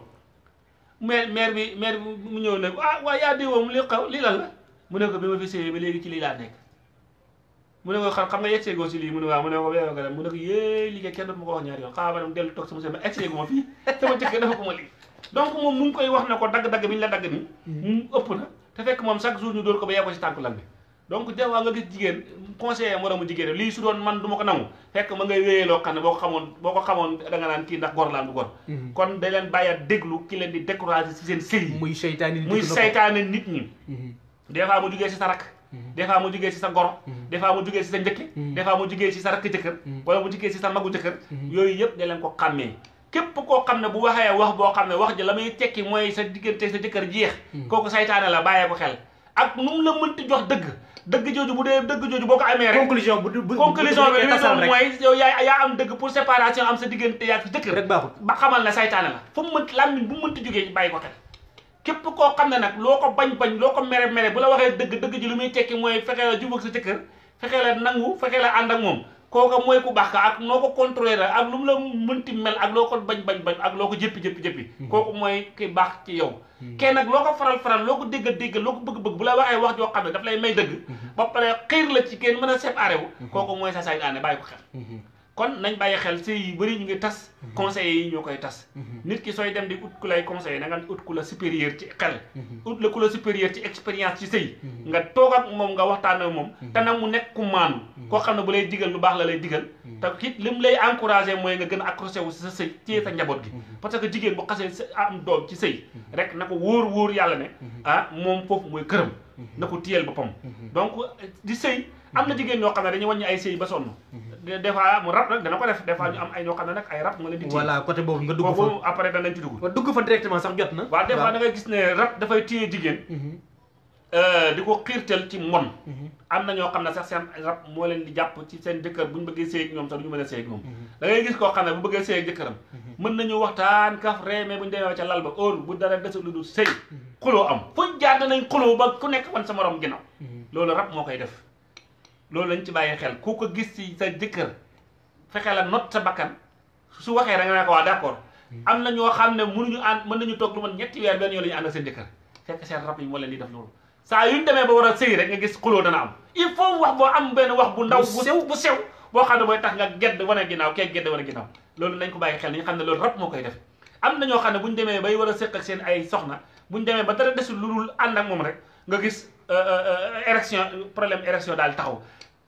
maire maire bi maire bi mu ñëw ne ah waaw yaa lan mu ne ko bi ma fi séyee ba léegi ci lii laa nekk ko ma ko wax ko ma lii donc moom koy wax ne ko dagg-dagg bi ñu la dagg ni hmm. mu ëpp na te fekk moom chaque jour ñu dóor ko ba yeew ko ci tànku lal bi donc des fois nga gis jigéen conseiller moroomu jigéen lii su doon man du ma ko nangu fekk ma ngay wéyee loo xam ne boo ko xamoon boo ko xamoon da nga naan kii ndax gor laan du gor mhm. kon day leen bàyyi déglu ki leen di décourager ci seen sëy muy seytaane nit ñi mhm. des fois mu jugee ci sa rakk mhm. des fois mu jugee ci sa goro des fois mu jugee ci sa njëkki des mu jugee si sa rakk jëkkër wala mu jugee ci sa magu jëkkër yooyu yëpp da leen ko xàmmee képp koo xam ne bu waxee wax boo xam ne wax ji la muy tekki mooy sa diggante sa jëkkër jeex kooku seytaane la bàyyee ko xel ak nu mu la mënti jox dëgg jooju bu dee dëgg jooju boo ko amee rek. conclusion bu bu conclusion bi mooy yow yaa am dëgg pour séparation am sa diggante yaa fi jëkkër. rek baaxul ba xamal ne saytaane la fu mu mënti làmmiñ bu mu mënti jógee bàyyi ko xel. képp koo xam ne nag loo ko bañ-bañ loo ko mere mere bu la waxee dëgg dëgg ji lu muy tekki mooy fexe la jubóog sa jëkkër fexe la nangu fexe la ànd ak moom kooka mooy ku baax ka ak noo ko contrôler ak lu mu la ti mel ak loo ko bañ bañ bañ ak loo ko jëppi jëppi jëppi hmm. kooku mooy ki baax ci yow hmm. kenn nag loo ko faral faral loo ko déggal déggal loo ko bëgg-bëgg bu la wax wax joo xam ne daf lay may dëgg hmm. ba pare xiir la ci kenn mën a séparé wu kooko mooy sa saay daane bàyyi ko xel kon nañ bàyyi xel sëy yu bëri ñu ngi tas mhm. conseillers yi ñoo koy tas mhm. nit ki sooy dem di ut ku lay conseiller na nga ut ku la supérieur ci xel mhm. ut la ku la supérieur ci expérience ci sëy nga toog ak moom nga waxtaan ak moom te nag mu nekk ku maanu koo xam ne bu lay digal lu baax la lay digal te it li mu lay encouragé mooy nga gën a accroché wu si sa sëy ci sa njaboot gi parce que jigéen bu xasee am doom ci sëy rek na ko wóor wóor yàlla ne ah moom foofu mooy këram na ko téyel boppam donc am na jigéen ñoo xam ne dañuy wàññi ay mhm. ay ñoo xam ne nag ay rab moo leen di téye voilà côté sax na waaw des fois da ngay gis mhm. euh, di ko xiirtal ci mon mhm. am na ñoo xam ne sax seen rab moo leen di jàpp ci seen jëkkër bu ñu bëggee sëy ñoom sax du ñu mën a sëy ak moom da ngay gis koo xam ne bu bëggee sëy ak jëkkëram mën nañu waxtaan kaf reeme bu ñu demee ca lal ba óor bu dara desul lu dul sëy xuloo am fuñ jaar nañ xuloo ba ku nekk wan sa morom ginnaaw loolu rab moo koy def loolu lañ ci bàyyi xel ku ko gis ci sa jëkkër fexe la not sa bakkan su waxee rek nga naa ko waa d'accord am na ñoo xam ne mu mënuñu ànd mën nañu toog lu man ñetti weer benn yoo la ñu ànd ak seen jëkkër fekk seen rab yi moo leen def loolu saa yuñ demee ba war a sëy rek nga gis xuloo dana am il faut wax boo am benn wax bu ndaw bu bu sew boo xam ne booy tax nga gedd wane ginnaaw kee gedd wane ginnaaw loolu nañ ko bàyyi xel ñu xam loolu rab moo koy def am na ñoo xam ne buñ demee bay war a sëq ak seen ay soxna buñ demee ba dara desul lu dul ànd ak moom rek nga gis Euh, euh, érection problème érection daal taxaw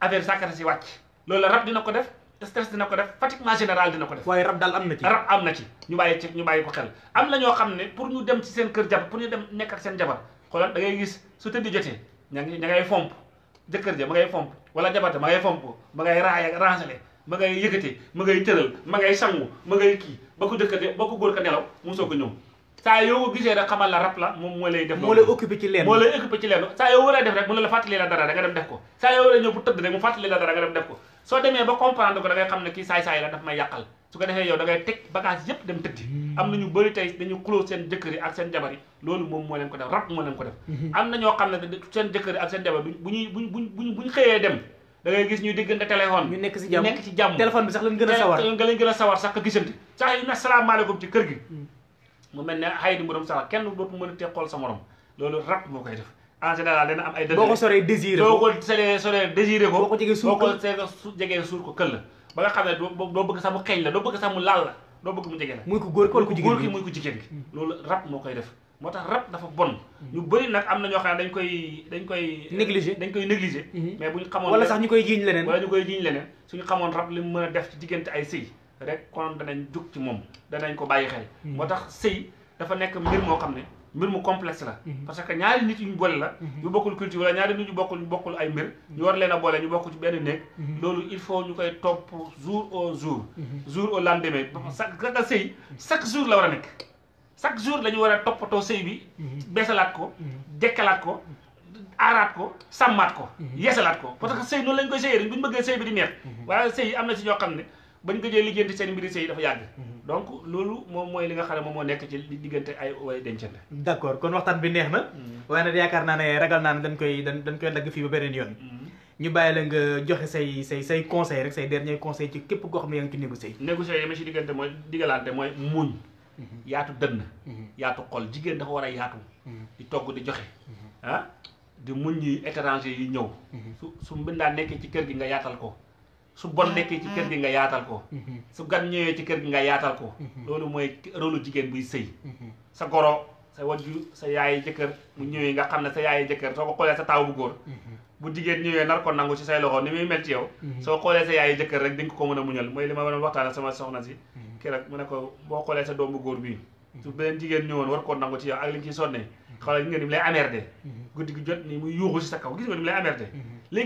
affaire sàkkara si wàcc loolu la rab dina ko def stress dina ko def fatiguement général dina ko def. waaye rab daal am na ci. rab am na ci ñu bàyyi ci ñu bàyyi ko xel am na ñoo xam ne pour ñu dem ci seen kër jabar pour ñu dem nekk ak seen jabar xoolal da ngay gis su tëdd jotee ña ngi ña ngay fomp jëkkër ja ma ngay fomp wala jabar ja ma ngay fomp ma ngay raaya rangele ma ngay yëkkate ma ngay tëral ma ngay sangu ma ngay kii ba ko jëkkër ja ba ko góor ka nelaw mu a ñëw saa yoo ko gisee la moom moo lay def moo lay occupé ci leen moo lay occupé ci leen saa yoo war a def rek mu ne la fàttali la dara a rek nga dem def ko soo demee ba comprendre ko da ngay xam ne kii saay-saay la daf may yàqal su defee yow da ngay teg bagage dem tëddi hmm. am na ñu bëri tey dañu close seen jëkkër ak seen jabar moo leen ko def rab moo leen ko hmm. ñoo xam ne seen jëkkër yi ak seen jabar bu ñuy buñ bu ñu xëyee dem da ngay gis ñuy diggante téléphone ñu nekk ci jàmm nekk ci jàmm gën a sawar nga lañ gën a sawar sax ka gisante ci kër gi hmm. mu mel ne xay di sax kenn dootu mën te xool sa morom loolu rab moo koy def en général ay dëgg boo ko soree désiré ko ko soree désiré ko boo ko jegee suur ko jegee xam ne doo bëgg sax mu xeeñ la sax mu la doo bëgg mu jege la muy ko góor ko jigéen ko jigéen ki mm. loolu rab moo koy def moo tax rab dafa bon mm. ñu bëri nag am na ñoo xam ne dañ koy dañ koy négligé dañ koy négligé mm-hmm. mais bu ñu xamoon wala sax ñu koy jiiñ leneen wala ñu koy jiiñ leneen suñu xamoon rab li mu mën a def ci diggante ay sëy rek kon danañ jug ci moom danañ ko bàyyi xel. Hmm. moo tax sëy dafa nekk mbir moo xam ne mbir mu complexe la. Hmm. parce que ñaari nit ñu boole la. Hmm. ñu bokkul culture wala ñaari nit ñu bokkul ñu bokkul ay mbir. ñu war leen a boole ñu bokk ci benn néeg. loolu il faut ñu koy topp jour au jour. jour au lendemain. chaque chaque sëy chaque jour la war a nekk chaque jour la war a toppatoo sëy bi. beesalaat ko dekkalaat ko. aaraat ko sàmmaat ko. yeesalaat ko parce que sëy noonu lañ koy sëyee rek bu am na ci ñoo xam ne. bañ gëjee lijjanti seen mbiri sëy dafa yàgg mhm. donc loolu moom mooy li nga xam ne moom moo nekk ci li diggante ay way dencante d'accord kon waxtaan bi neex na mhm. waaye nag yaakaar naa ne ragal naa ne dañ koy dañ dañ koy dagg fii ba beneen yoon mhm. ñu bàyyi la nga joxe say say say conseil rek say dernier conseil ci képp koo xam ne yaa ngi ci négocier négocier yi ma ci diggante mooy diggalaante mooy muñ yaatu dënn yaatu xol jigéen dafa war a yaatu di togg di joxe ah di muñ yi yi ñëw su su mbindaa nekkee ci kër gi nga yaatal ko su bon ah, nekkee ci kër ah. gi nga yaatal ko mhm. su gan ñëwee ci kër gi nga yaatal ko mhm. loolu mooy rôlu jigéen buy sëy mhm. sa goro sa wajju sa yaayi jëkkër mu ñëwee nga xam ne sa yaayi jëkkër soo ko xoolee sa taaw bu góor bu jigéen ñëwee nar ko nangu ci say loxo ni muy mel ci soo xoolee sa yaayi jëkkër rek di nga ko mën a muñal mooy li ma mën a waxtaan sama soxna si keroog mu ne ko boo xoolee sa doom bu góor bii su beneen jigéen ñëwoon war koo nangu ci yow ak li nga ciy sonne xoolal nga ni mu lay amerde guddi gi jot muy yuuxu si sa kaw gis nga ni mu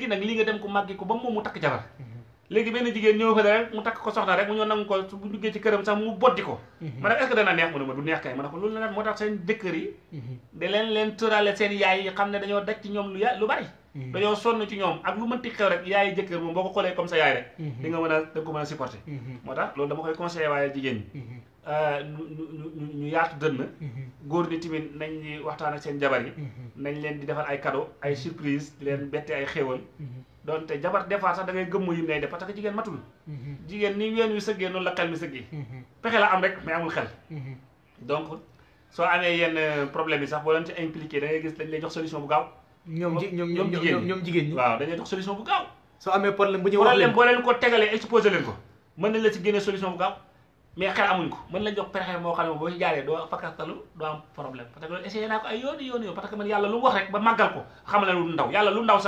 nag li nga dem ko màggi ko ba moom mu takk jabar léegi benn jigéen ñëw fële rek mu takk ko soxna rek mu ñëw nangu ko su bu duggee ci këram sax mu boddi ko mhm. ma ne est-ce que dana neex mu ne ma du neex kay ma ne ko loolu la nag moo tax seen jëkkër yi mhm. da leen leen tërale seen yaay yi xam ne dañoo daj ci ñoom lu ya lu bari mhm. dañoo sonn ci ñoom ak lu mënti xew rek yaay jëkkër moom boo ko xoolee comme ça yaay rek di nga mën a da nga ko mën a supporter moo tax loolu dama koy conseillé waaye jigéen ñi euh, ñu ñu yaatu dënn góor ñi tamit nañ ñi waxtaan ak seen jabar yi nañ leen di defal ay cadeau ay surprise di leen bette ay xéewal doonte jabar des fois sax da ngay gëmm yim ngay def parce que jigéen matul mhm. jigéen ni ween wi sëggee noonu la xel mi sëggee mhm. pexe la am rek mais amul xel mhm. donc soo amee yenn euh, problème yi sax boo leen ko tegalee exposé leen ko mën nañ la ci génne solution bu gaaw mais xel amuñ ko mën lañ jox pexe moo xam ne boo ci jaaree doo fakkastalu doo am problème parce que loolu essayé naa ko ay yooni yooni yoon parce que man yàlla lu mu wax rek ba ndaw yàlla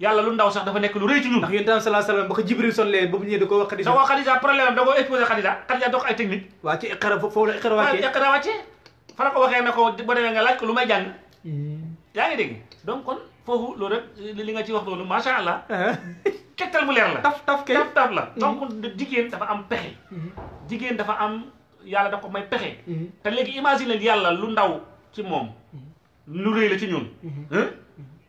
yàlla lu ndaw sax dafa nekk lu rëy ci ñun ndax yéen tam salaa ba ko jibril sonlee ba mu ñëwee da koo wax xadija da koo xadija da ko waxee ne ko boo ko lu may jàng hmm. yaa ngi dégg donc kon foofu loolu rek li nga ci wax loolu macha allah ah. tegtal mu leer la taf taf kay taf taf la hmm. donc jigéen dafa am hmm. jigéen dafa am yàlla daf ko may pexe te léegi imagine leen yàlla lu ndaw ci moom lu rëy la ci ñun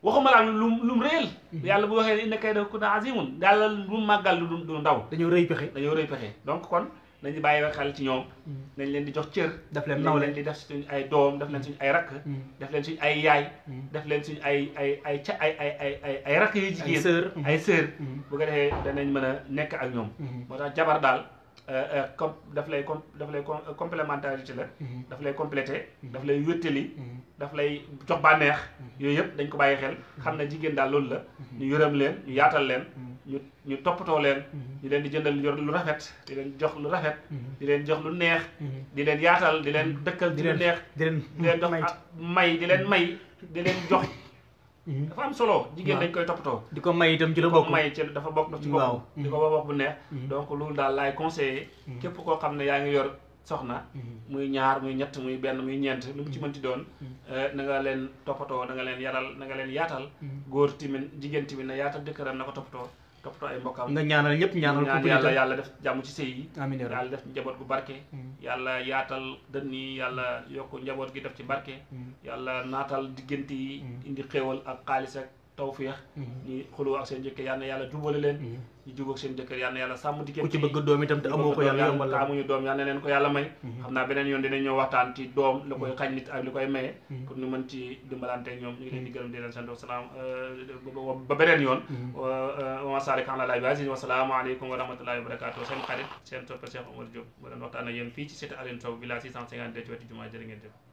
waxuma laa lu lu mu réel yàlla bu waxee inna kayda kunna azimun yàlla lu mu màggal lu du ndaw dañoo rëy pexe dañoo rëy pexe donc kon nañu bàyyi xel ci ñoom mm. nañ leen di jox cër daf leen naw leen di def suñ ay doom daf leen suñ ay rakk mm. daf leen suñ ay yaay mm. daf leen suñ ay ay ay ca ay ay ay ay ay rakk yu jigéen ay sœur bu ko defee danañ mën a nekk ak ñoom moo tax jabar daal Euh, euh, com daf lay com daf lay euh, complémentarité la. Mhm. daf lay complété. Mhm. daf lay wéttali. Mhm. daf lay jox bànneex. yooyu yëpp dañ ko bàyyi xel. xam ne jigéen daal loolu la. ñu yërëm leen ñu yaatal leen. ñu ñu toppatoo leen. ñu leen di jëndal lu rafet di leen jox lu rafet. di leen jox lu neex. di leen yaatal di leen dëkkal. di leen neex di leen jox may di leen may di leen jox. Mhm. dafa am solo. jigéen dañ koy toppatoo. di ko may itam ci la bokk may ci dafa bokk daf ci bopp. di ko bokk bu neex. Mhm. donc loolu daal laay conseillé. Mhm. képp koo xam ne yaa ngi yor soxna. muy ñaar muy ñett muy benn muy ñeent lu mu ci mënti doon. Eh, na nga leen toppatoo na nga leen yaral na nga leen yaatal. góor timin jigéen timin na yaatal jëkkëram na ko toppatoo. toppatoo ay mbokkam nga ñaanal ñëpp ñaanal ñaan yàlla yàlla def jàmm ci sëy yi amiin yàlla def njaboot gu barke mm. yàlla yaatal dënn yi yàlla yokk njaboot gi def ci barke mm. yàlla naatal diggante yi mm. indi xéewal ak xaalis ak tawfeex ñi xuloo ak seen njëkke yàlla yàlla jubale leen ñu jubóog seen jëkkër yal na yàlla sàmm diggante ku ci bëgg doom itam te amoo ko yàlla yombal ko yàlla may mhm. xam naa beneen yoon dinañ waxtaan ci doom li koy xañ nit ak li koy maye mhm. pour ñu mën ci dimbalante ñoom ñu ngi di gërëm di leen sant euh, ba beneen yoon mhm. wasaare euh, kan la laaj waasi wasalaamaaleykum wa rahmatullahi seen xarit seen soppe Cheikh Omar Diop ma doon waxtaan ak yéen fii ci cité Aline Sow village 652 ci wetu jumaa jërë ngeen jëf